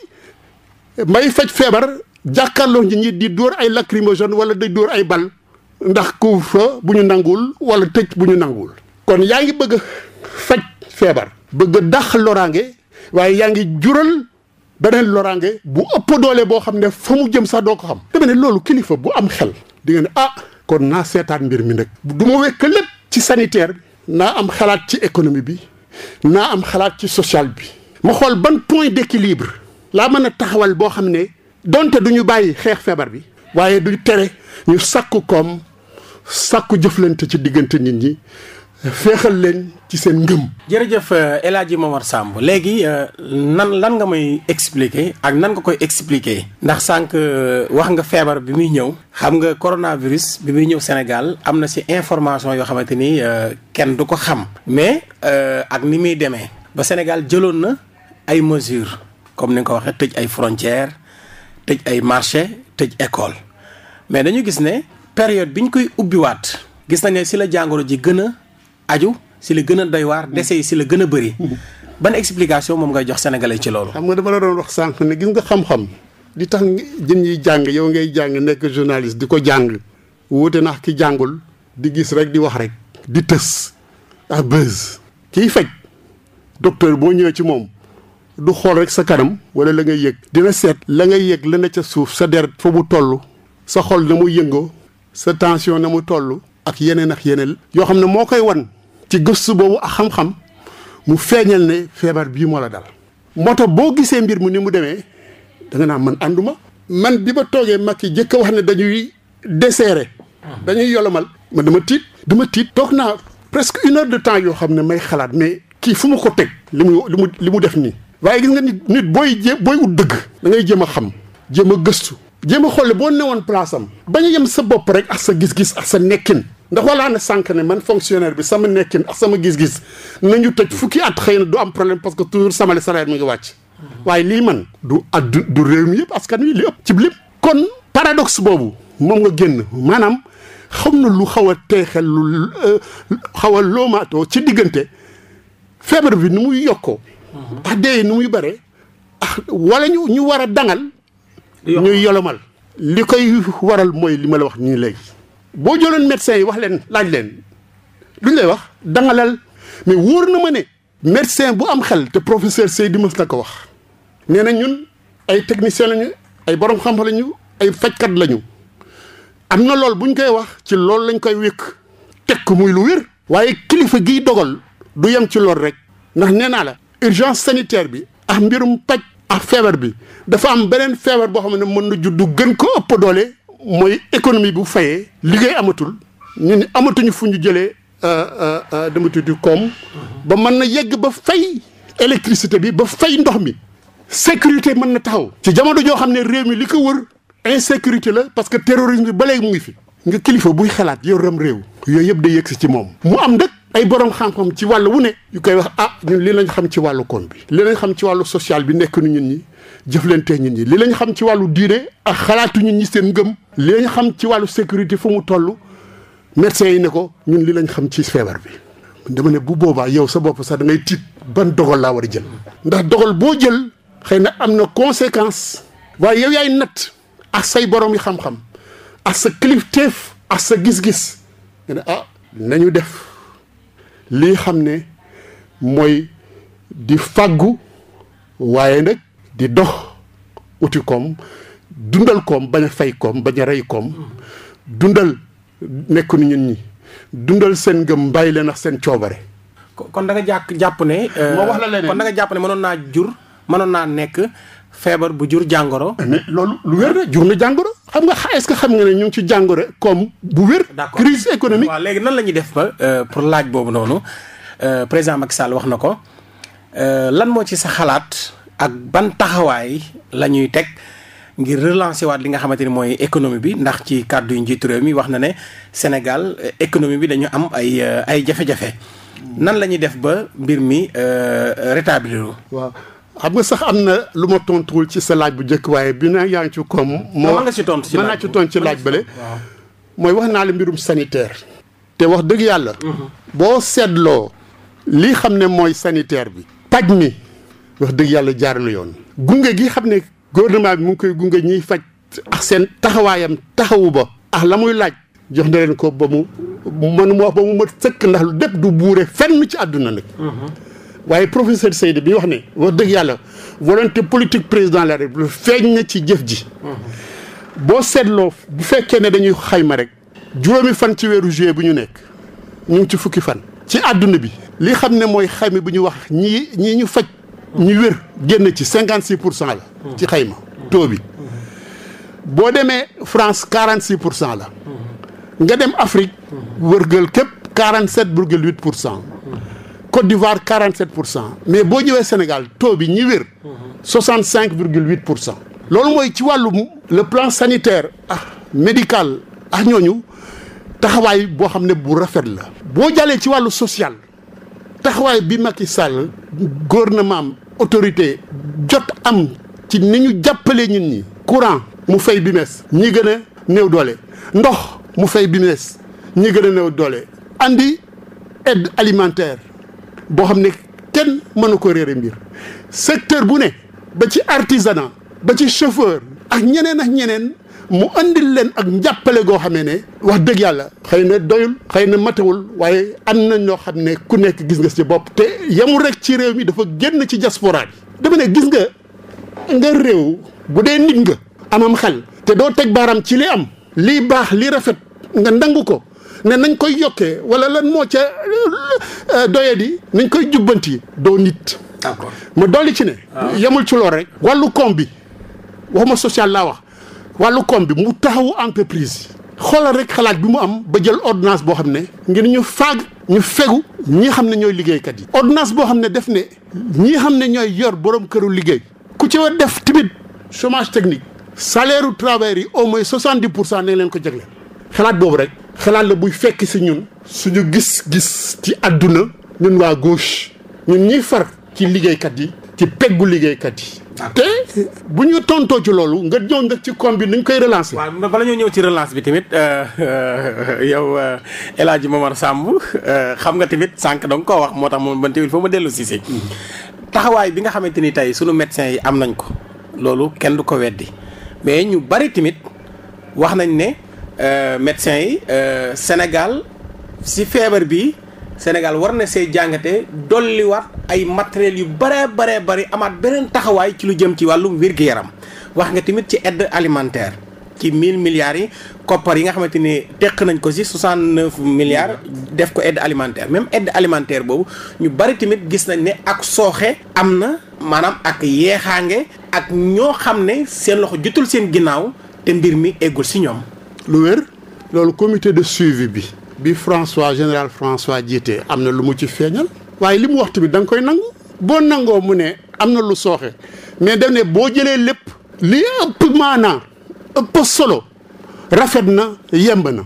may faj feebar jàkkaarloo nit ñi di dóor ay lacrymogène wala di dóor ay bal ndax couvre fa bu ñu nanguwul wala tëj bu ñu nanguwul. kon yaa ngi bëgg faj feebar. bëgg a loraange waaye yaa ngi jural beneen loraange bu ëpp doole boo xam ne fa mu jëm sax doo ko xam. dama ne loolu kilifa bu am xel. di ne ah kon naa seetaan mbir mi nag. du ma wekk lépp ci sanitaire naa am xalaat ci économie bi. naa am xalaat ci social bi. ma xool ban point d'équilibre laa mën a taxawal boo xam ne donte du ñu bàyyi xeex feebar bi. waaye du tere ñu sakku koom sakku jëflante ci diggante nit ñi feexal leen ci seen ngëm. jërëjëf euh, El Hadji Momar Samb léegi euh, nan lan nga may expliquer ak nan nga koy expliquer ndax sànq euh, wax nga feebar bi muy ñëw xam nga coronavirus bi muy ñëw Sénégal am na si information yoo xamante ni kenn du ko xam mais ak ni muy demee ba Sénégal jëloon na ay mesures comme ni nga ko waxee tëj ay frontières tëj ay marché tëj école mais dañu gis ne période bi ñu koy ubbiwaat gis nañ ne si la jàngoro ji gën a aju si la gën a doy waar mm. dese yi si la gën a bëri. Mm. ban explication moom ngay jox sénégalais ci loolu. xam nga dama la doon wax sànq ne gis nga xam-xam di tax jën yi jàng yow ngay jàng nekk journaliste di ko jàng wuute nax ki jàngul di gis rek di wax rek. di tës ah bës. kiy faj docteur boo ñëwee ci moom. du xool rek sa kanam wala la ngay yëg dina seet la ngay yëg la ca suuf sa deret fa mu toll sa xol na mu yëngoo sa tension na mu toll ak yeneen ak yeneen. yoo xam ne moo koy wan ci gëstu boobu ak xam-xam mu feeñal ne feebar bii moo la dal. moo tax boo gisee mbir mu ni mu demee da naa man ànduma. man bi ma toogee mag yi jëkk a wax ne dañuy desserrer. dañuy yolomal. ma dama tiit dama tiit. toog naa presque une heure de temps yoo xam ne may xalaat mais kii fu ma ko teg. li mu li mu li mu def nii. waaye gis nga nit nit booy jé booy ut dëgg. dangay ngay a xam jëm a gëstu. jéem a xool boo newoon place am. bañ a yem sa bopp rek ak sa gis ak sa nekkin. ndax walaa na sànq ne man fonctionnaire bi sama nekkin ak sama gis-gis nañu tëj fukki at xëy na du am problème parce que toujours sama le salaire mi ngi wàcc waaye lii man du addu du réew mi yëpp askan wi li ëpp ci lépp kon paradoxe boobu moom nga génn maanaam xam na lu xaw a teexal lu euh, xaw a loomaatoo ci diggante feebar bi nu muy yokkoo ah dee ni muy bare ah wala ñu ñu war a dangal ñuy yolomal li koy waral mooy li ma la wax nii léegi boo jëloon médecin yi wax leen laaj leen duñ lay wax dangalal mais wóor na ma ne médecin bu am xel te professeur Seydi mës na ko wax nee na ñun ay technicien lañu ay borom xam-xam lañu ay fajkat lañu am na lool buñ koy wax ci loolu lañ koy wékk teg ko muy lu wér waaye kilifa giy dogal du yem ci loolu rek ndax nee naa la urgence sanitaire bi ak mbirum paj ak feebar bi dafa am beneen feebar boo xam ne mën na juddu gën ko ëpp doole mooy économie bu fayee liggéey amatul ñu ni amatuñu fu ñu jëlee euh, euh, euh, dama tudd koom ba mën na yegg ba fay électricité bi ba fay ndox mi sécurité mën na taxaw ci jamono joo xam ne réew mi li ko wër insécurité la parce que terrorisme bi ba léegi mu ngi fi nga kilifa buy xalaat yoram réew yooyu yëpp day yegg si ci moom mu am nag ay borom xam-xam ci wàll wu ne yu koy wax ah ñun lii lañ xam ci wàllu koom bi lii lañ xam ci wàllu social bi nekk nu ñun ñi jëflantee nit ñi li lañ xam ci wàllu diine ak xalaatuñu nit ñi seen ngëm. li lañ xam ci wàllu sécurité fu mu toll médecins yi ne ko ñun li lañ xam ci feebar bi. dama ne bu boobaa yow sa bopp sax dangay ngay tiit ban dogal laa war a jël. ndax dogal boo jël xëy na am na conséquence. waaye yow yaay natt ak say borom yi xam-xam ak sa kilifteef ak sa gis-gis nga ne ah nañu def lii xam ne mooy di fàggu waaye nag. di dox uti koom dundal koom bañ a fay koom bañ a rey koom dundal nekku ni ñun ñi dundal seen ngëm bàyyi leen ak seen coobare. kon danga nga jàpp ne. moo wax la euh, leneen kon da nga jàpp ne mënoon jur mënoon naa nekk feebar bu jur jàngoro. Eh, mais loolu lu wér jur na jàngoro. xam nga est-ce que xam nga ne ñu ngi ci jàngoro comme bu wér. d'accord crise économique. waaw léegi nan la ñuy def ba euh, pour laaj boobu noonu euh, président Macky Sall wax na ko lan moo ci sa xalaat. ak ban taxawaay la ñuy teg ngir relancer waat li nga xamante ni mooy économie bi ndax ci kàddu yu njiitu réew mi wax na ne Sénégal euh, économie bi dañu am ay euh, ay jafe-jafe nan la ñuy def ba mbir mi euh, rétablir waaw xam nga sax am na lu ma tontuwul ci sa laaj bu njëkk waaye bi na yaa ngi ci koom. moo mën nga ci tontu ci laaj mën naa ci tontu ci laaj bële. mooy wax naa la mbirum sanitaire. te wax dëgg yàlla. Mhm. boo seetloo li xam ne mooy sanitaire bi. paj mi. wax dëgg yàlla na yoon. gunge gi xam ne gouvernement bi mu ngi koy gunge ñiy faj ak seen taxawaayam taxawu ba. ah la muy laaj jox na leen ko ba mu man mu wax ba mu mat sëkk ndax lu lépp du buure fenn ci àdduna nag. Mhm. waaye professeur Seydi bi wax ne. wax dëgg yàlla volonté politique président de la République feeñ na ci jëf ji. Mhm. boo seetloo bu fekkee ne dañuy xayma rek. juróomi fan ci weeru juillet bu ñu nekk ñu ci fukki fan. ci àdduna bi. li xam ne mooy xayma bu ñu wax ñii ñu faj ñu wér génn ci cinquante six pour cent la. ci xayma taux bi. boo demee France quarante six pour cent la. nga dem Afrique. wërgël képp quarante sept virgule huit pour cent. Côte d'Ivoire quarante sept pour cent mais boo ñëwee Sénégal taux bi ñu wér. soixante cinq virgule huit pour cent. loolu mooy ci wàllu le plan sanitaire ah médical ah ñooñu taxawaay boo xam ne bu rafet la. boo jàllee ci wàllu social taxawaay bi Macky Sall gouvernement autorité jot am ci ni ñu jàppale ñun ñi courant mu fay bimes ñi gën a néew doole ndox mu fay bi ñi gën a néew doole andi aide alimentaire boo xam ne kenn mënu ko réere mbir secteur bu ne ba ci artisanat ba ci chauffeur ak ñeneen ak ñeneen mu andil leen ak njàppale goo xamee ne wax dëgg yàlla xëy na doyul xëy na matewul waaye am na ñoo xam ne ku nekk gis nga ci bopp te yamul rek ci réew mi dafa génn ci diaspora bi dama ne gis nga nga réew bu dee nit nga amam xel te doo teg baaraam ci li am lii baax li rafet nga ndangu ko ne nañ koy yokkee wala lan moo ca euh, doye di nañ koy jubbanti doo nit d'accord ma dolli ci ne ah. yamul ci lool rek wàllu koom bi waxuma social laa wax wàllu koom bi mu taxawu entreprise xoolal rek xalaat bi mu am ba jël ordinance boo xam ne ngir ñu faag ñu fegu ñi xam ne ñooy liggéeykat yi ordonnance boo xam ne def ne ñii xam ne ñooy yor borom këru liggéey ku ci wa def timit chômage technique salaire u yi au moins soixante dix pour cent nañ leen ko jagleel xalaat boobu rek xalaat la buy fekk si ñun suñu gis-gis ci àdduna ñun waa gauche ñun ñiy far ci liggéeykat yi ci peggu liggéeykat yi te bu ñu tontoo ci loolu nga ñëw nag ci koom bi nuñ koy relancer. waaw bala ñoo ñëw ci relance bi tamit euh, euh, yow euh, El Hadj Momar Samb xam nga tamit sànq danga ko wax moo tax moom man tamit foo ma dellu si si. taxawaay bi nga xamante ni tey sunu médecins yi am nañ ko loolu kenn du ko weddi mais ñu bari tamit wax nañ ne médecins yi Sénégal si feebar bi. Sénégal war na see jàngate dolliwaat ay matériels yu bare bare bari amaat beneen taxawaay ci lu jëm ci wàllu wér-gu-yaram wax nga tamit ci ed alimentaire ci mille milliards yi koppar yi nga xamante ni teq nañ ko si soixante-neuf milliards def ko ed alimentaire même aide alimentaire boobu ñu bari tamit gis nañ ne ak sooxe am na maanaam ak yeexaange ak ñoo xam ne seen loxo jotul seen ginnaaw te mbir mi eggul si ñoom lu wér loolu comité de suivi bi bi François général François jiitee am na lu mu ci feeñal waaye li mu wax tamit danga koy nangu boo nangoo mu ne am na lu sooxe mais daf ne boo jëlee lépp li ëpp maanaa ëpp solo rafet na yemb na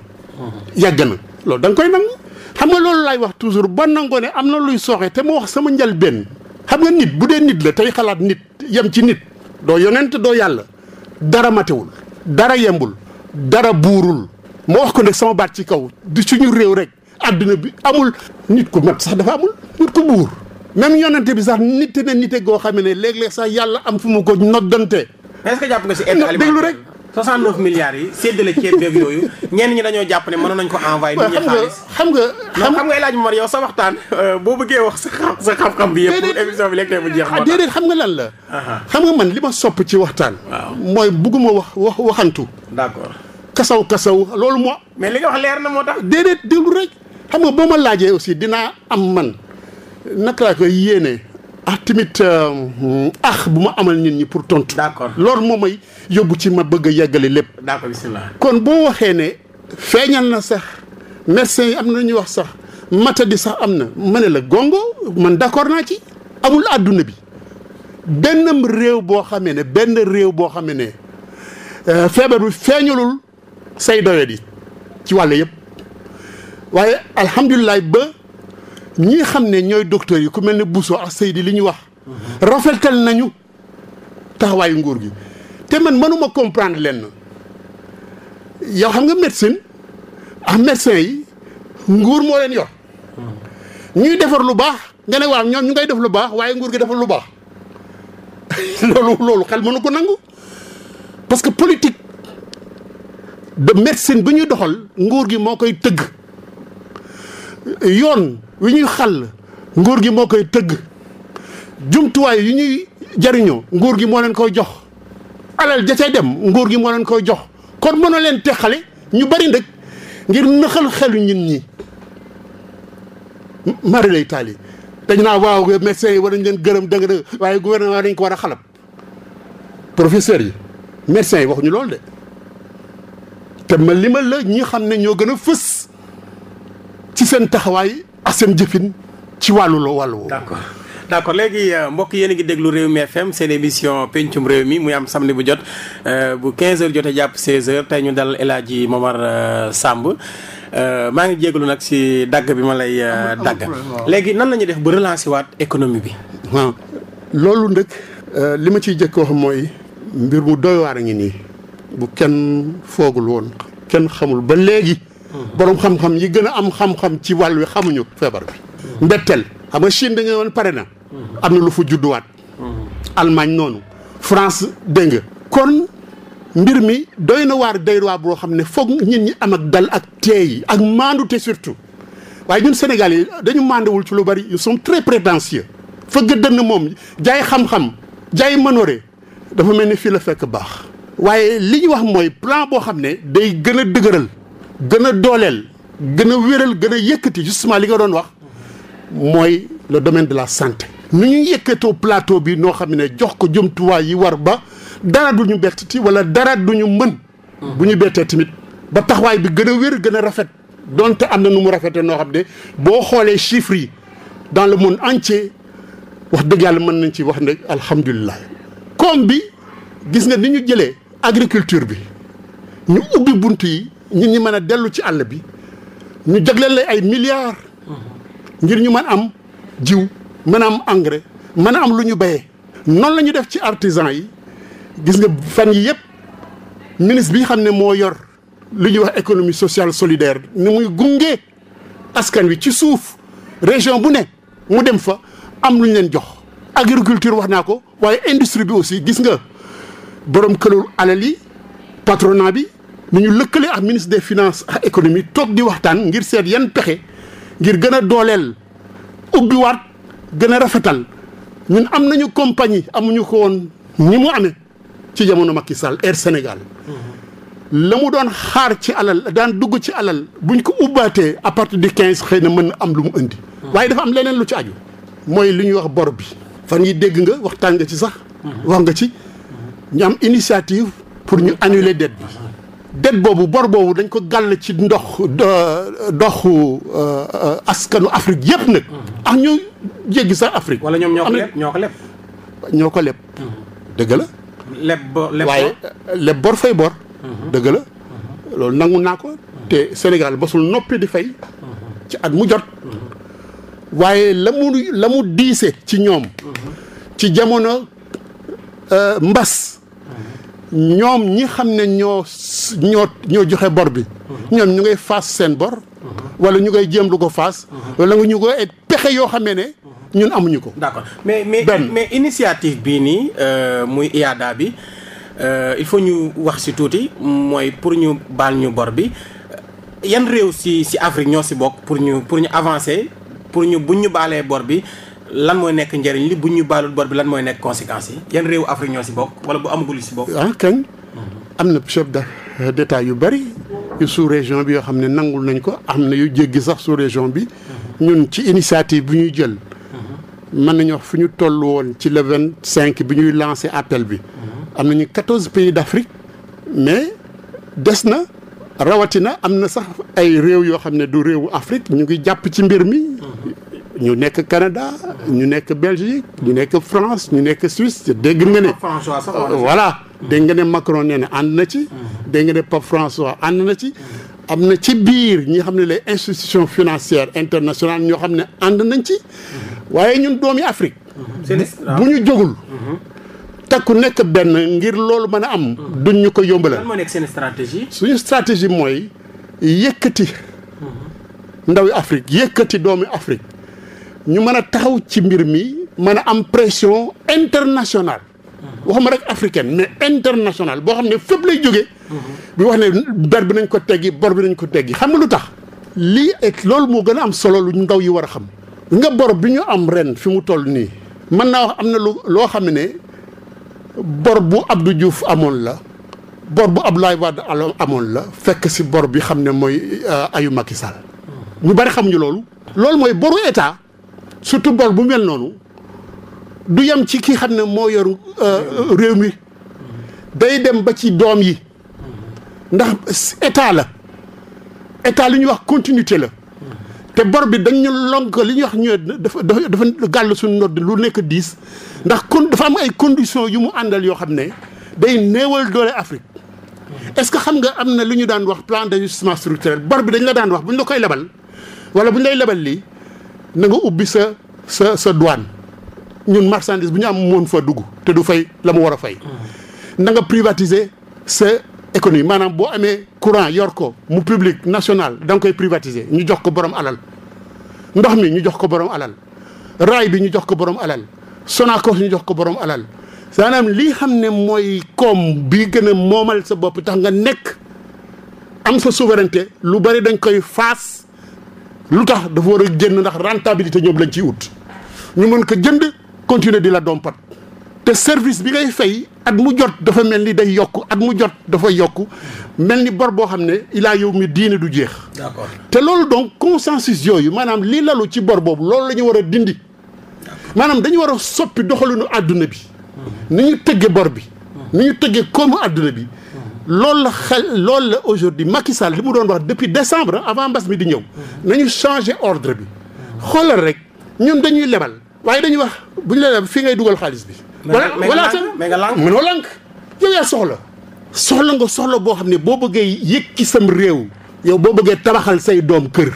yàgg na loolu da koy nangu xam nga loolu laay wax toujours boo nangoo ne am na luy sooxe te ma wax sama njël benn xam nga nit bu dee nit la tey xalaat nit yem ci nit doo yonent doo yàlla dara matewul dara yembul dara buurul ma wax ko nag sama baat ci kaw di suñu réew rek àdduna bi amul nit ku mat sax dafa amul nit ku buur même yonente bi sax nit na nite goo xam ne léeg-léeg sax yàlla am fu mu ko noddante. mais est-ce que jàpp nga si aide alimentaire déglu rek. 69 milliards yi séddale ceeb beeg yooyu ñenn ñi dañoo jàpp ne mënoon nañ ko envoyé. nit ñi xam nga xam nga. xam nga El Hadj Momar yow sa waxtaan euh, boo bëggee wax sa xam sa xam-xam bi yëpp. bi léegi tey jeex moo déedéet xam nga lan la. xam nga man li ma sopp ci waxtaan. mooy bëgguma wax wax waxantu. d'accord. kasaw kasaw loolu moo. mais li wax leer na moo tax. déedéet déglu rek xam nga boo ma laajee aussi dinaa am man naka laa yéene ah tamit euh, ah bu ma amal nit ñi pour tontu. d'accord loolu moo may yóbbu ci ma bëgg a yeggali lépp. d'accord bismillah kon boo waxee ne feeñal na sax médecins yi am na ñuy wax sax matadi sax am na ma ne la gongo man d'accord naa ci amul àdduna bi benn réew boo xamee ne benn réew boo xamee ne euh, feebar bi feeñalul. say doyat yi ci wàll yëpp waaye alhamdulilah ba ñi xam ne ñooy docteurs yi ku mel ni Bousso ak Seydi li ñu wax rafetal nañu taxawaayu nguur gi te man mënuma comprendre lenn yow xam nga médecine ak ah médecin yi nguur moo leen yor ñuy defar lu baax nga ne waaw ñoom ñu ngay def lu baax waaye nguur gi defar lu baax loolu loolu xel mënu ko nangu parce que de médecine bi ñuy doxal nguur gi moo koy tëgg yoon wi ñuy xàll nguur gi moo koy tëgg jumtuwaay yu ñuy jariñoo nguur gi moo leen koy jox alal ja cay dem nguur gi moo leen koy jox kon mën mënoo leen teqale ñu bari ndëkk ngir nëxal xelu ñin ñi mari lay taal yi dañ naa waaw médecins yi war nañ leen gërëm dëgg dëgg waaye gouvernement dañ ko war a xalab professeurs yi médecins yi waxuñu lool de te ma limal la ñi xam ne ñoo gën a fës ci seen taxawaay ak jëfin ci wàllu la wàllu woowu. d'accord d'accord léegi euh, mbokk yéen a ngi déglu réew Rewmi FM seen émission pencum réew mi muy am samedi bu jot euh, bu 15h jotee jàpp 16h tey ñu dal El Hadji Momar euh, Samb. maa ngi jégalu nag si dagg bi ma lay dagg léegi nan la def ba relancer waat économie bi. waaw loolu nag li ma ci jëkk wax mooy mbir mu doy waar ngi nii. bu kenn foogul woon kenn xamul ba léegi. boroom xam-xam yi gën a am xam-xam ci wàll wi xamuñu feebar bi. mbetteel xam nga Chine dañu woon pare na. am na lu fu judduwaat. Allemagne noonu. France dégg nga kon mbir mi doy na waar doy waar boo xam ne foog nit ñi am ak dal ak teey ak maandute surtout waaye ñun Sénégal yi dañu maandewul ci lu bari ils sont très prétentieux. fëgg dënn moom jaay xam-xam jaay manore dafa mel ni fii la fekk baax. waaye li ñu wax mooy plan boo xam ne day gën a dëgëral gën a dooleel gën a wéral gën a yëkkati justement li nga doon wax mooy le domaine de la santé nu ñu yëkkatoo plateau bi noo xam ne jox ko jomtuwaay yi war ba dara du ñu bett ci wala dara du ñu mën bu ñu bettee tamit ba tax waaye bi gën a wér gën a rafet donte am na nu mu rafetee noo xam ne boo xoolee chiffres yi dans le monde entier wax dëgg yàlla mën nañ ci wax ne alhamdulilah koom bi gis nga ni ñu jëlee agriculture bi ñu ubbi bunt yi ñu ñi mën a dellu ci àll bi ñu jagleel lay ay milliards. ngir ñu mën am jiw mën am engrais mën a am lu ñu béyee. noonu la ñu def ci artisan yi gis nga fan yi yëpp ministre bi xam ne moo yor lu ñuy wax économie sociale solidaire ni muy gunge askan wi ci suuf région bu ne mu dem fa am lu ñu leen jox. agriculture wax naa ko waaye industrie bi aussi gis nga. borom këlul alal yi patronat bi nu ñu lëkkale ak ministre des finance ak économie toog di waxtaan ngir seet yan pexe ngir gën a dooleel ubbiwaat gën a rafetal ñun am nañu compagnie amuñu ko woon ni mu amee ci jamono Macky Sall Air Sénégal. la mu doon xaar ci alal daan dugg ci alal buñ ko ubbaatee à partir du quinze xëy na mën na am lu mu indi. waaye dafa am leneen lu ci aju. mooy li ñuy wax bor bi. fan yi dégg nga waxtaan nga ci sax. wax nga ci. ñu am initiative pour ñu annuler dette bi dette boobu bor boobu dañ ko gàll ci ndox dox euh, askanu Afrique yëpp nag. ak ñu jéggi sax Afrique. wala ñoom ñoo ñoo ko leb. ko leb. waaye euh, leb bor fay bor. Mhm. dëgg la loolu nangu naa ko. te Sénégal basul noppi di fay. ci at mu jot. waaye la mu la mu diise ci ñoom. Mhm. ci jamono euh, mbas. ñoom ñi xam ne ñoo ñoo ñoo joxe bor bi ñoom ñu ngay faas seen bor wala ñu ngay jéem lu ko faas wala ñu ngay pexe yoo xamee ne ñun amuñu ko d'accord mais mais mais initiative bii nii euh, muy IADA bi euh, il faut ñu wax si tuuti mooy pour ñu baal ñu bor bi yan réew si si Afrique ñoo si bokk pour ñu pour ñu avancer pour ñu buñ ñu baalee bor bi lan mooy nekk njëriñ li bu ñu baalul bor bi lan mooy nekk conséquences yi yan réewu Afrique ñoo si bokk wala bu amagul yu si bokk. Ah, kañ am na de euh, d'État yu bari yu sous région bi yoo xam ne nangul nañ ko am na yu jéggi sax sous région bi. ñun ci initiative bu ñuy jël. mën nañu fu ñu toll woon ci le vingt cinq bi ñuy lancé appel bi. am nañu quatorze pays d'Afrique mais des na. rawatina am na sax ay réew yoo xam ne du réewu Afrique ñu ngi jàpp ci mbir mi. ñu nekk Canada ñu nekk Belgique ñu nekk France ñu nekk Suisse dégg nga ne. François voilà dégg nga ne Macron nee na ànd na ci. Mm. dégg nga ne Pape François ànd na ci. Mm. am na ci biir ñi xam ne les institutions financière internationales ñoo xam ne ànd nañ ci. Mm. waaye ñun doomi Afrique. Mm-hmm. bu ñu jógul. Mm-hmm. takku nekk benn ngir loolu mën a am. duñ ñu ko yombalal. lan moo nekk seen stratégie. suñu stratégie mooy yëkkati. Mm-hmm. ndawi Afrique yëkkati doomi Afrique. ñu mën a taxaw ci mbir mi mën a am pression wax ma rek africaine mais internationale boo xam ne fépp lay jóge bi wax ne ber bi nañ ko teggi bor bi nañ ko teggi xam nga lu tax lii et loolu moo gën a am solo lu ndaw yi war a xam nga bor bi ñu am ren fi mu toll nii mën naa wax am na lu loo xam ne bor bu Abdou Diouf amoon la bor bu Abdoulaye Wade amoon la fekk si bor bi xam ne mooy euh, ayu Macky Sall ñu bari xamuñu loolu loolu mooy boru état surtout bor bu mel noonu du yem ci kii xam ne moo yor euh, réew mi day dem ba ci doom yi ndax état la état lu ñu wax continuité la te bor bi dañ ñu lonk li ñuy wax ñëw dafa dafa gàll suñu nodd lu nekk diis ndax kon dafa am ay conditions yu mu àndal yoo xam ne day néewal doole Afrique est-ce que xam nga am na lu ñu daan wax plan d'ajustement structurel bor bi dañ la daan wax bu ñu la koy lebal wala bu ñu lay lebal lii na nga ubbi sa sa sa douane ñun marchandise bu ñu am moon fa dugg te du fay la mu war a fay. Mm. na nga privatiser sa économie maanaam boo amee courant yor ko mu public national da nga koy privatiser ñu jox ko borom alal ndox mi ñu jox ko borom alal raay bi ñu jox ko borom alal Sonacos ñu jox ko borom alal. saa lii xam ne mooy koom bii gën a moomal sa bopp tax nga nekk am sa souveraineté lu bari dañ koy faas. lu tax dafa war a génn ndax rentabilité ñoom lañ ciy wut ñu mën ko jënd continuer di la dompat te service bi ngay fay at mu jot dafa mel ni day yokk at mu jot dafa yokk mel ni bor boo xam ne ilaa yow mi diine du jeex. te loolu donc consensus yooyu maanaam lii lalu ci bor boobu loolu la ñu war a dindi maanaam dañu war a soppi doxalinu àdduna bi ni ñu tëggee bor bi ni ñu tëggee koomu àdduna bi. loolu la xel loolu la aujourd'hui Macky Sall li mu doon wax depuis décembre avant mbas mi di ñëw nañu changer ordre bi xoolal rek ñun dañuy lebal waaye dañuy wax bu ñu la lebal fi ngay dugal xaalis bi voilà mënoo lànk yow yaa soxla soxla nga soxla boo xam ne boo bëggee yëkki sam réew yow boo bëggee tabaxal say doom kër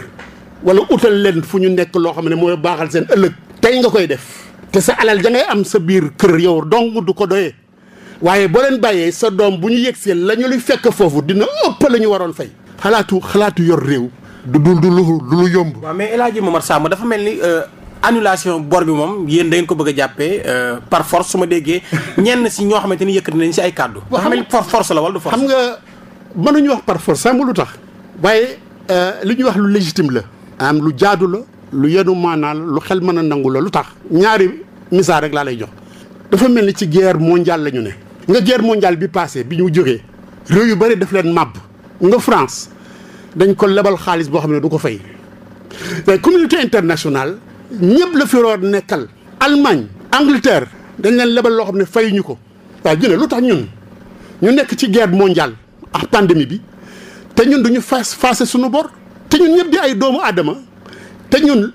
wala utal leen fu ñu nekk loo xam ne mooy baaxal seen ëllëg tey nga koy def te sa alal ja ngay am sa biir kër yow dong du ko doyee waaye boo leen bàyyee sa doom bu ñu yegsee la ñu luy fekk foofu dina ëpp la ñu waroon fay. xalaatu xalaatu yor réew. du du du lu lu yomb. waaw mais El Hadj Momar Samb dafa mel ni euh, annulation bor bi moom yéen da ko bëgg a jàppee euh, par force su déggee ñenn si ñoo xamante ni yëkkati nañ si ay kàddu. dafa mel ni force la wala du force. xam nga mënuñu wax par force xam lu tax. waaye euh, li ñuy wax lu légitime la. am lu jaadu la. lu yenu maanaa la lu xel mën a nangu la lu tax. ñaari misaal rek laa lay jox. dafa mel ni ci guerre mondiale la ñu ne. nga guerre mondiale bi passé bi ñu jógee réew yu bëri daf leen màbb nga France dañ ko lebal xaalis boo xam ne du ko fay mais communité internationale ñëpp la fi roor nekkal. Allemagne Angleterre dañ leen lebal loo xam ne fayuñu ko waaye ñu ne lu tax ñun ñu nekk ci guerre mondiale ak pandémie bi te ñun duñu fas fase suñu bor te ñun ñëpp di ay doomu aadama te ñun.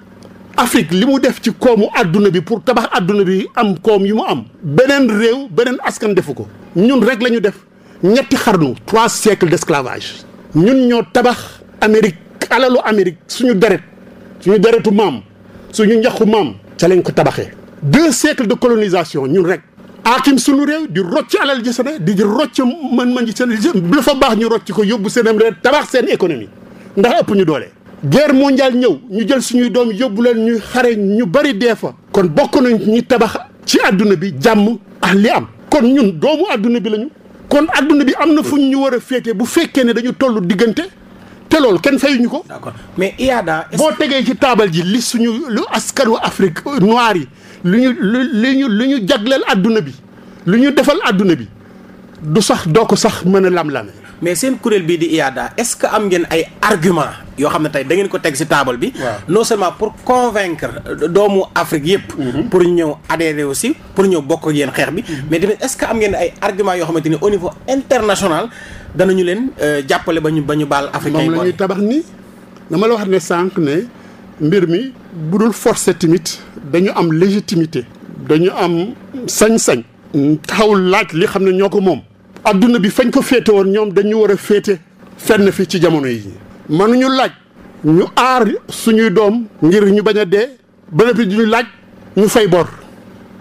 Afrique li mu def ci koomu àdduna bi pour tabax àdduna bi am koom yu mu am beneen réew beneen askan defu ko ñun rek la ñu def ñetti xarnu trois siècles d'esclavage ñun ñoo tabax Amérique alalu Amérique suñu deret suñu deretu maam suñu njaxu maam ca lañ ko tabaxee deux siècles de colonisation ñun rek aakim suñu réew di rocc alal ji ne di rocc mën-mën ji seen la fa baax ñu rocc ko yóbbu seenam réew tabax seen économie ndax ëpp ñu doole guerre mondiale ñëw ñu jël suñuy doom yóbbu leen ñuy xare ñu bari dee fa kon bokk nañ ñi tabax ci àdduna bi jàmm ak li am kon ñun doomu àdduna bi lañu kon àdduna bi am na fu ñu war a féete bu fekkee ne dañu tollu diggante te loolu kenn fayuñu ko. d'accord mais IADA. boo tegee ci taabal ji li suñu lu askanu Afrique noir yi lu ñu lu ñu ñu jagleel àdduna bi lu ñu defal àdduna bi du sax doo ko sax mën a lam mais seen kuréel bii di IADA est-ce que am ngeen ay argument yoo xam ne tey da ngeen ko teg ci table bi. non seulement pour convaincre doomu Afrique yëpp. Mhm. pour ñëw adhérer aussi pour ñëw bokk ak yéen xeex bi. Mhm. mais tamit est-ce que am ngeen ay argument yoo xamante ni au international danañu leen euh, jàppale ba ñu ba ñu baal. africain yi moom la ni dama la wax ne sànq ne mbir mi bu dul forcer tamit dañu am légitimité. dañu am sañ-sañ. taxawul laaj li xam ne ñoo ko moom. adduna bi fañ ko féete woon ñoom dañu war a féete fenn fi ci jamono yi mënuñu laaj ñu aar suñuy doom ngir ñu bañ a dee ba ñu duñu laaj ñu fay bor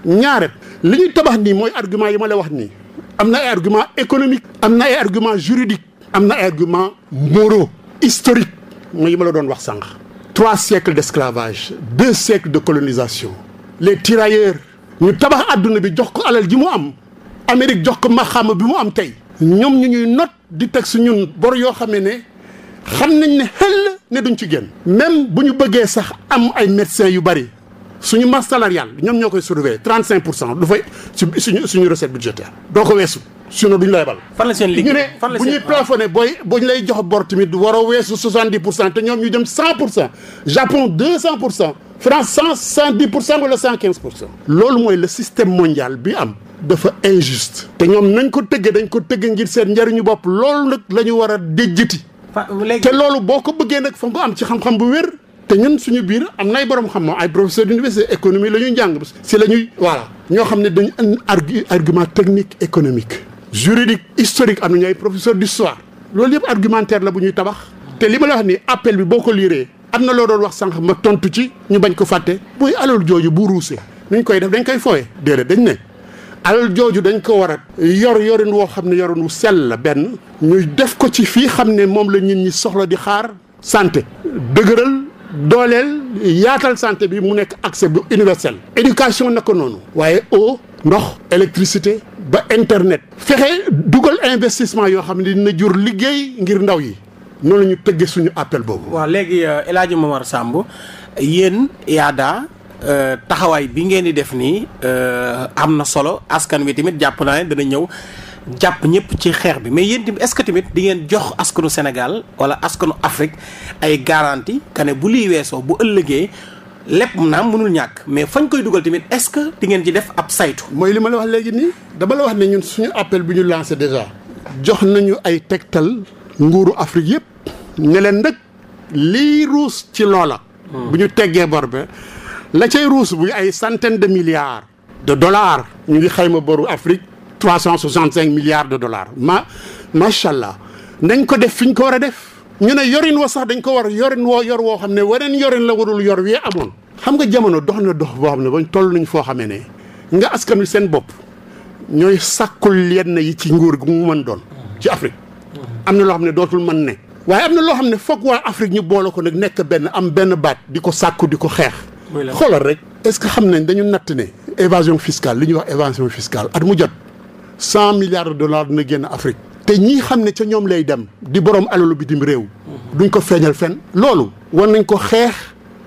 ñaare li ñuy tabax nii mooy argument yi ma la wax nii am na ay argument économique am na ay argument juridique am na ay argument moraux historique mooy yi ma la doon wax sànq trois siècles d'esclavage deux siècles de colonisation les tirailleurs ñu tabax àdduna bi jox ko alal ji mu am Amérique jox ko maxaama bi mu am tey ñoom ñu ñuy not di teg su ñun bor yoo xam ne xam nañ ne xel ne duñ ci génn même bu ñu bëggee sax am ay médecins yu bari su ñu masse salariale ñoom ñoo koy surveiller trente cinq pour cent du fay suñu suñu recette budgétaire doo ko weesu sinon duñ lay bal fan la seen liggéey ñu ne bu ñuy plafonné booy bu ñu lay jox bor tamit waroo weesu soixante dix pour cent ñoom ñu dem cent pour cent Japon deux cent pour cent France cent cent dix pour cent wala cent pour cent loolu mooy le système mondial bi am dafa injuste. te ñoom nañ ko tëggee dañ ko tëggee ngir seen njariñu bopp loolu nag la ñu war a déjjati. te loolu boo ko bëggee nag fa nga am ci xam-xam bu wér. te ñun suñu biir am nay borom xam-xam ay professeur d'université économie lañuy ñuy jàng si la ñuy. voilà ñoo xam ne dañu am argument technique économique. juridique historique am nañu ay professeur d'histoire loolu yëpp argumentaire la bu ñuy tabax. te li ma la wax ni appel bi boo ko liiree. am na loo doon wax sànq ma tontu ci ñu bañ ko fàtte. muy alal jooju bu ruusee. nuñ koy def dañ koy fooye déedéet dañ ne. alal jooju dañ ko war a yor yorin woo xam ne yorin mu sell la benn ñuy def ko ci fii xam ne moom la nit ñi soxla di xaar santé dëgëral dooleel yaatal santé bi mu nekk accès bu universel éducation na noonu waaye eau ndox électricité ba internet fexe dugal investissement yoo xam ne dina jur liggéey ngir ndaw yi noonu lañu ñu tëggee suñu appel boobu waa léegi euh, El Hadji Momar Samb yéen IADA Euh, taxawaay bi ngeen di def nii euh, am na solo askan wi tamit jàpp naa ne dana ñëw jàpp ñëpp ci xeex bi mais yéen tamit est-ce que tamit di ngeen jox askanu Sénégal wala askanu Afrique ay garanti que bu lii weesoo bu ëllëgee lépp naam mënul ñàkk mais fañ koy dugal tamit est-ce que di ngeen ci def ab saytu. mooy li ma la wax léegi nii dama la wax ne ñun suñu appel bi ñu lancé déjà. jox nañu ay tegtal nguuru Afrique yëpp ne leen nag lii ruus ci loola. Hmm. bu ñu teggee bor ba la cay ruus bu ay centaine de milliards de dollars ñu ngi xayma boru Afrique trois cent soixante cinq milliards de dollars ma macha allah nañ ko def fi ñu ko war a def. ñu ne yorin wa sax dañ ko war yorin woo yor woo xam ne weneen yorin la warul yor wee xam nga jamono dox na dox xam ne bañ toll nañ foo xamee ne nga askan wi seen bopp ñooy sàkkul yenn ci nguur mu mën doon. ci Afrique am na loo xam ne dootul mën ne. waaye na loo xam ne foog waa Afrique ñu boole ko nag nekk benn am benn baat di ko sàkku di ko xeex. xoolal rek est-ce que xam nañ dañu natt ne évasion fiscale li ñuy wax évasion fiscale at mu jot cent milliards de dollars dina génn Afrique. te ñii xam ne ca ñoom lay dem di borom alalu bitim réew. duñ ko feeñal fenn. loolu war nañ ko xeex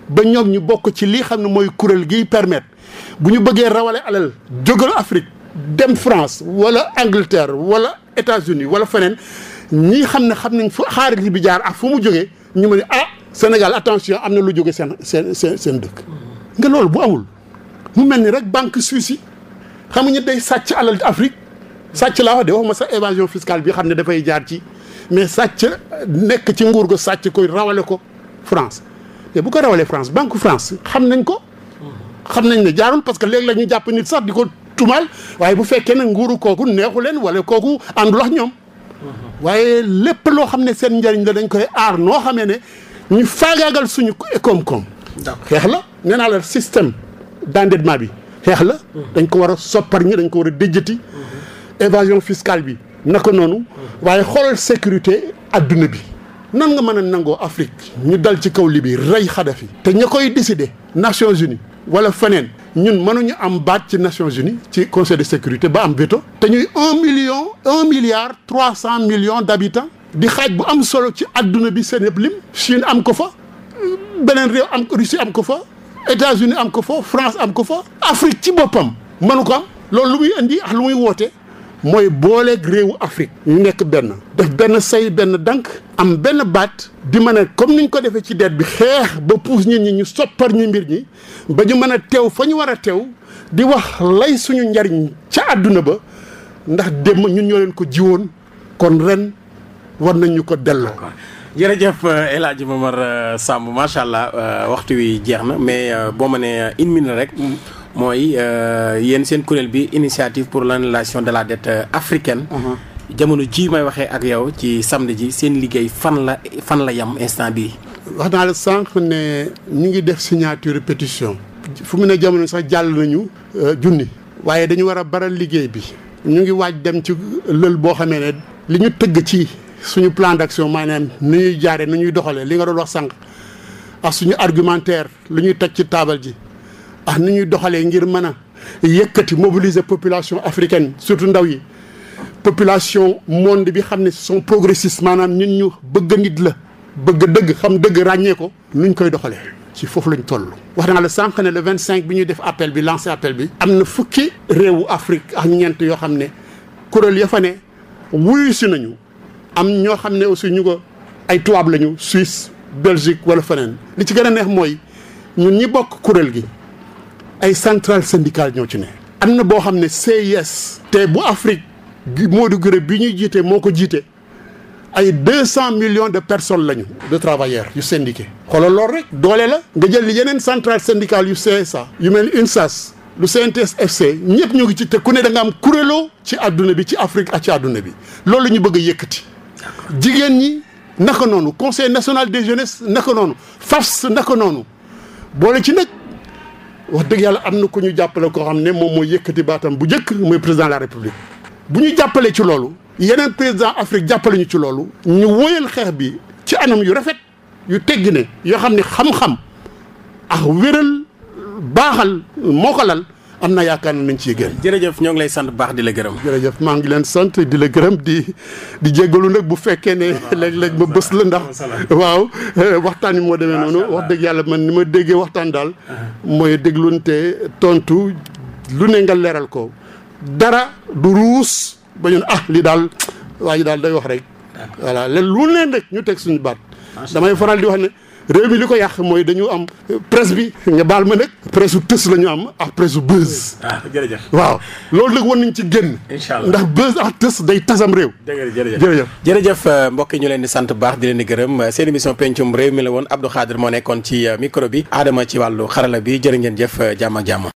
ba ñoom ñu bokk ci lii xam ne mooy kuréel gi permettre bu ñu bëggee rawale alal jógal Afrique dem France wala Angleterre wala États-Unis wala feneen ñii xam ne xam nañ fu xaalis bi jaar ak fu mu jógee ñu ma ne ah. Sénégal attention am na lu jóge seen seen seen seen dëkk. nga loolu bu amul mu mel ni rek banque suisse yi xam nga day sàcc alal Afrique sàcc la wax de waxuma sa évasion fiscale bi xam ne dafay jaar ci mais sàcc nekk ci nguur ga sàcc koy rawale ko France te bu ko rawalee France banque France xam nañ ko. xam nañ ne jaarul parce que léegi la ñu jàpp nit sax di ko tumaal waaye bu fekkee ne nguuru kooku neexu leen wala kooku àndul ak ñoom. Mm-hmm. waaye lépp loo xam ne seen njëriñ la dañ koy aar noo xamee ne. ñu faagaagal suñu koom-koom. xeex la nee naa la système d'endettement bi xeex la. dañ ko war a soppar ñi dañ ko war a déjjati. évasion fiscale bi naka noonu. waaye xoolal sécurité adduna bi. nan nga mën a nangoo Afrique ñu dal ci kaw Libye rey Kadhafi te ña koy décider Nations Unies wala feneen ñun mënuñu am baat ci Nations uni ci conseil de sécurité ba am veto te ñuy un million un milliard trois cent millions d'habitants di xaaj bu am solo ci àdduna bi seen yëpp lim Chine am ko fa beneen réew am Russie am ko fa États-Unis am ko fa France am ko fa Afrique ci boppam mënu ko loolu lu muy indi ak lu muy woote mooy booleeg réewu Afrique ñu nekk benn def benn say benn dànk am benn baat di mën a comme niñ ko defee ci deet bi xeex ba puus nit ñi ñu soppar ñi mbir ñi ba ñu mën a teew fa ñu war a teew di wax lay suñu njariñ ca àdduna ba ndax démb ñun ñoo leen ko jiwoon kon ren war nañu ñu ko delloo. jërëjëf euh, El Hadj Momar euh, sàmm macha allah euh, waxtu wi jeex na mais boo ma nee une rek mooy yéen seen kuréel bi initiative pour la nelation de la dette africaine. Uh-huh. jamono ji may waxee ak yow ci samedi ji seen liggéey fan la fan la yam instant bi wax naa la sànq ne ñu ngi def signature pétition. fu mu ne jamono sax jàll nañu. junni. waaye dañu war a baral liggéey bi. ñu ngi waaj dem ci lël boo xamee ne. li ñu tëgg ci. suñu plan d'action maanaam ni ñuy jaaree ni ñuy doxalee li nga doon wax sànq ak suñu argumentaire lu ñuy taj ci taabal ji ak ni ñuy doxalee ngir mën a yëkkati mobiliser population africaine surtout ndaw yi population monde bi xam ne sont progressistes maanaam ñun ñu bëgg nit la bëgg dëgg xam dëgg ràññee ko nuñ koy doxalee ci foofu lañ toll wax naa la sànq ne le vingt cinq bi ñuy def appel bi lancé appel bi am na fukki réewu Afrique ak ñeent yoo xam ne kuréel ya fa ne nañu am ñoo xam ne aussi ñu ko ay tubaab lañu Suisse Belgique wala feneen li ci gën a neex mooy ñun ñi bokk kuréel gi ay centrale syndicale ñoo ci ne. am na boo xam ne CIS. te bu Afrique moo du gërëm bi ñuy jiite moo ko jiite ay deux cent million de personnes lañu. de travailleurs yu syndiqués. xoolal loolu rek doole la. nga jël yeneen centrale syndicale yu CSA. yu mel ni UNSAS. lu CNTS FC ñëpp ñu ngi ci te ku ne da nga am kuréeloo ci àdduna bi ci Afrique a ci àdduna bi loolu ñu bëgg a yëkkati. jigéen ñi naka noonu conseil national des jeunesses naka noonu FAFS naka noonu boole ci nag wax dëgg yàlla am na ko ñu jàppale koo xam ne moom mooy yëkkati baatam bu njëkk mooy président la république. bu ñu jàppalee ci loolu. yeneen président Afrique jàppale ñu ci loolu. ñu woyal xeex bi ci anam yu rafet yu teggi ne yoo xam ne xam-xam ak wéral baaxal moo ko lal am na yaakaar ne nañ ciy génn. jërëjëf ñoo ngi lay sant bu baax di la gërëm. jërëjëf maa ngi leen sant di la gërëm di di jégalu nag bu fekkee ne léeg-léeg ma bës la ndax. waaw eh, waxtaan wi moo demee noonu wax dëgg yàlla man ni ma déggee waxtaan daal. Uh-huh. mooy déglunte tontu lu ne nga leeral ko dara du ruus ba ñun ah li daal waa ji daal day wax rek. voilà léegi lu ne nag ñu teg suñu baat. damay faral di wax ne. réew mi li ko yàq mooy dañu am presse bi nga baal ma nag presse u tës la ñu am ak presse su buzz. Ah, jërëjëf waaw loolu nag war nañ ci génn. incha allah ndax buzz ak tës day tasam réew. jërëjëf jërëjëf jërëjëf euh, mbokk ñu leen di sant baax di leen di gërëm seen émission pencum réew mi la woon Abdou Khadir moo nekkoon ci euh, micro bi aadama ci wàllu xarala bi jërë ngeen jëf euh, jàmm ak jàmm